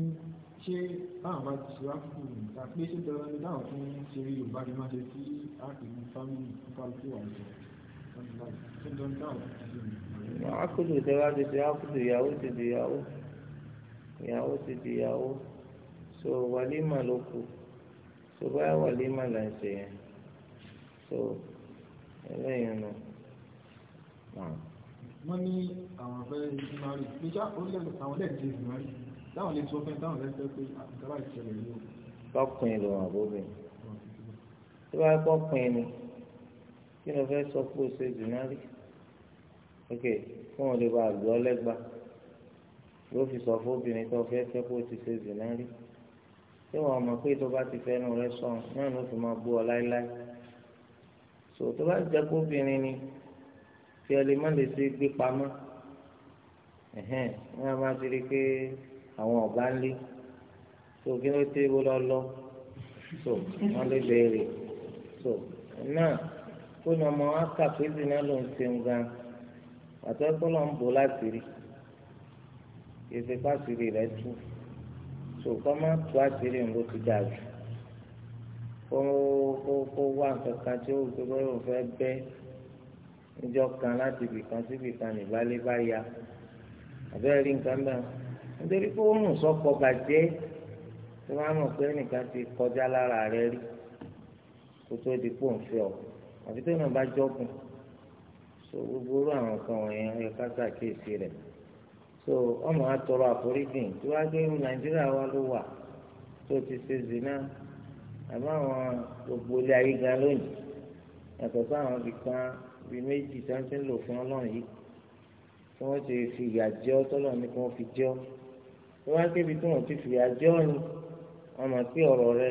ṣé báwọn bá ti ṣe wá fún mi níta pé ṣé dandan ni báwọn fún ṣeré yorùbá ni máa ṣe sí àpèjì fámìlì nípalùkù àwùjọ ṣé dandan báwọn ti ṣe mi. àkùdù tẹ́wájú ti àkùdù ìyàwó ìyàwó ti di ìyàwó so wàlímà ló kù so báyà wàlímà là ń ṣe yẹn so ẹlẹ́yìn nù. wọ́n ní àwọn ọ̀fẹ́ ìmárì níjà orílẹ̀-èdè àwọn ẹlẹ́ẹ̀kejì ìmárì táwọn lè sọ fẹ́ táwọn lẹ́sẹ̀ pé àtàrà ìṣẹ̀lẹ̀ yìí. lọ́kùnrin ló wà bóbi tí wàá gbọ́ pin ni kí ló fẹ́ sọ pé o ṣe jù náà rí ok fún ọ lè bá a lù lẹ́gbàá yóò fi sọ fún obìnrin tó fẹ́ fẹ́ kó ti ṣe zìnà rí tí wọn mọ̀ pé tó bá ti fẹ́nu rẹ sọ náà ló fi máa bú ọ láéláé so tó bá jẹ́ kó obìnrin ni tí ẹ lè má lè ṣe gbé pamọ́ ẹ̀hẹ́n wọn á máa ti rí i pé àwọn ọ̀gá ń lé so kí ló dé bó lọ lọ so wọn lè béèrè so náà kó ni ọmọ wa kà pé zìnà ló ń ṣe ń gan àtọ́kọ́ ló ń bò láti rí èsì pàṣírí rẹ̀ tú so kọ́mọ́ tú àṣírí ń ló ti dà jù kó kó kó wá nǹkan kan tí ó gbé bọ́lá fẹ́ bẹ́ níjọ́ kan láti ibìkan sí ibìkan nìbálé bá ya àbẹ́rẹ́ rí nǹkan náà nítorí pé ó mú sọ́kọ bàjẹ́ tí wọ́n á mọ̀ pé nìkan ti kọjá lára rẹ̀ rí kó tó di pò ń fẹ́ ọ àbí tó náà bá jọ́gùn so gbogbo orú àwọn kan wọ̀nyẹn ẹ̀ka ṣàkíyèsí rẹ̀ so ọmọ atọrọ àforíjìn tí wàá gbé nàìjíríà wa ló wà tó ti ṣe zina àmọ́ àwọn gbogbo ilé ayé gan lónìí yàtọ̀ sáwọn ibi kan ibi méjì tí wọ́n ti ń lò fún ọlọ́run yìí tí wọ́n ti fi ìyà jẹ ọ́ tọ́lọ̀ ní kí wọ́n fi jẹ ọ́ tí wọ́n á débi tí wọ́n ti fi ìyà jẹ ni wọ́n mọ̀ pé ọ̀rọ̀ rẹ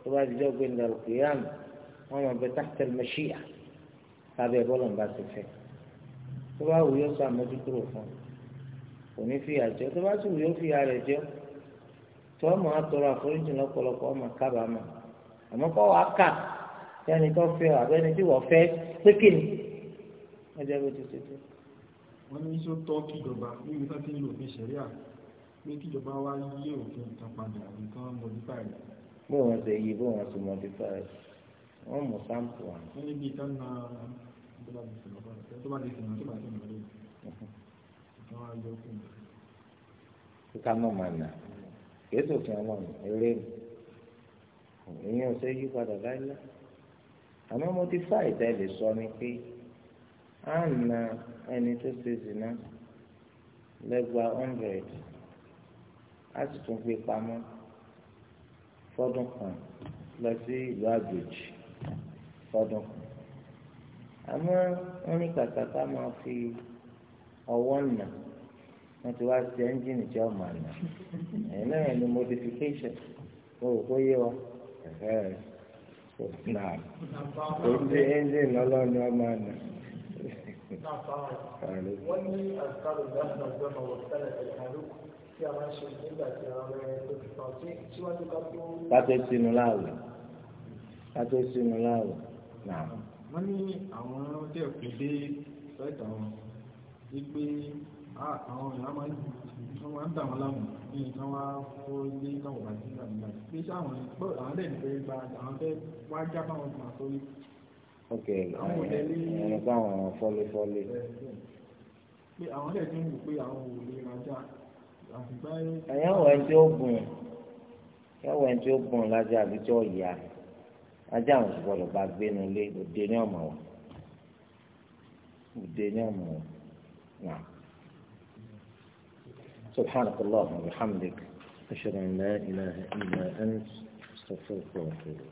tó bá ti jọ́ gbé ní alùpùpù wọ́n mọ̀ pé táṣítẹ́l mẹ́ṣíà lábẹ́ bọ́lọ̀ ń bá ti fẹ́ tó bá wù yóò sọ àmójúkúrò fún un kò ní fi àjọ tó bá sùn yóò fi àrẹ jẹ tó ọmọ àtọrọ àforíjì lọ́pọ̀lọpọ̀ ọmọ kábàámọ̀ àmọ́ kọ wàá kà sẹni tó fẹ́ àbẹni tí wọ́n fẹ́ pékè ní ọjọ́ bó ti ṣe tó. wọ́n ní sọ tọ́ kíjọba níbi tó ti ń lò fi ṣẹ̀ríà pé kíjọba wá yí òfin kan padà nǹkan mọ̀lífà rẹ̀. bó wọn ṣe yí bó wọn ṣe mọ̀lífà rẹ̀ wọ́n mú sáǹpù wọn. wọ́n ní bí ìtàn náà tó bá ká mọ̀ máa nà kéésù òfin ọlọ́run eré mi ìyẹn ò ṣe yí padà láíláí àmọ́ mo ti fá ìdá ilé sọ ni pé a na ẹni tó ṣe zina lẹ́gbàá hundred a sì tún gbé pamọ́ fọ́dún kan lọ sí ìlú àgbèjì fọ́dún kan àmọ́ wọ́n ní kàkà máa fi. ọwọ́ nà wọ́n ti wá sí ẹ́ńjìnì tí ọmọ àná ẹ̀yìn náà ni modification ó rò kó yé wa ẹ̀fẹ́ kò nà ó ti ẹ́ńjìnì ọlọ́ọ̀ni ọmọ àná. wọ́n pátó sínú láàwẹ̀ pátó sínú láàwẹ̀ wọ́n ní àwọn ọdẹ sọ́ọ̀tà wípé ah, àwọn èèyàn máa ń wọ́n máa ń dà wọ́n láàmú ní nǹkan wá fó ilé káwọn bá ti gbà nígbà tí pé sáwọn ìgbọ́ àwọn dẹ̀ nífẹ̀ẹ́ gba àwọn fẹ́ wá já báwọn gbà sórí. ok ẹ̀rọ báwọn fọ́léfọ́lé. pé àwọn dẹ̀ ti ń wò pé àwọn ò lè rajà àtìgbà yẹn. ẹ̀yàwó ẹni tí ó gùn ẹ̀yàwó ẹni tí ó gùn lájà àbí tí ó yà ajá àwọn òṣùpọ̀ lọ́ba gbénu lé òde ní ọ̀mọ̀ wọn òde ní ọ̀mọ̀ wọn. نعم سبحانك اللهم وبحمدك أشهد أن لا إله إلا أنت استغفرك واتوب إليك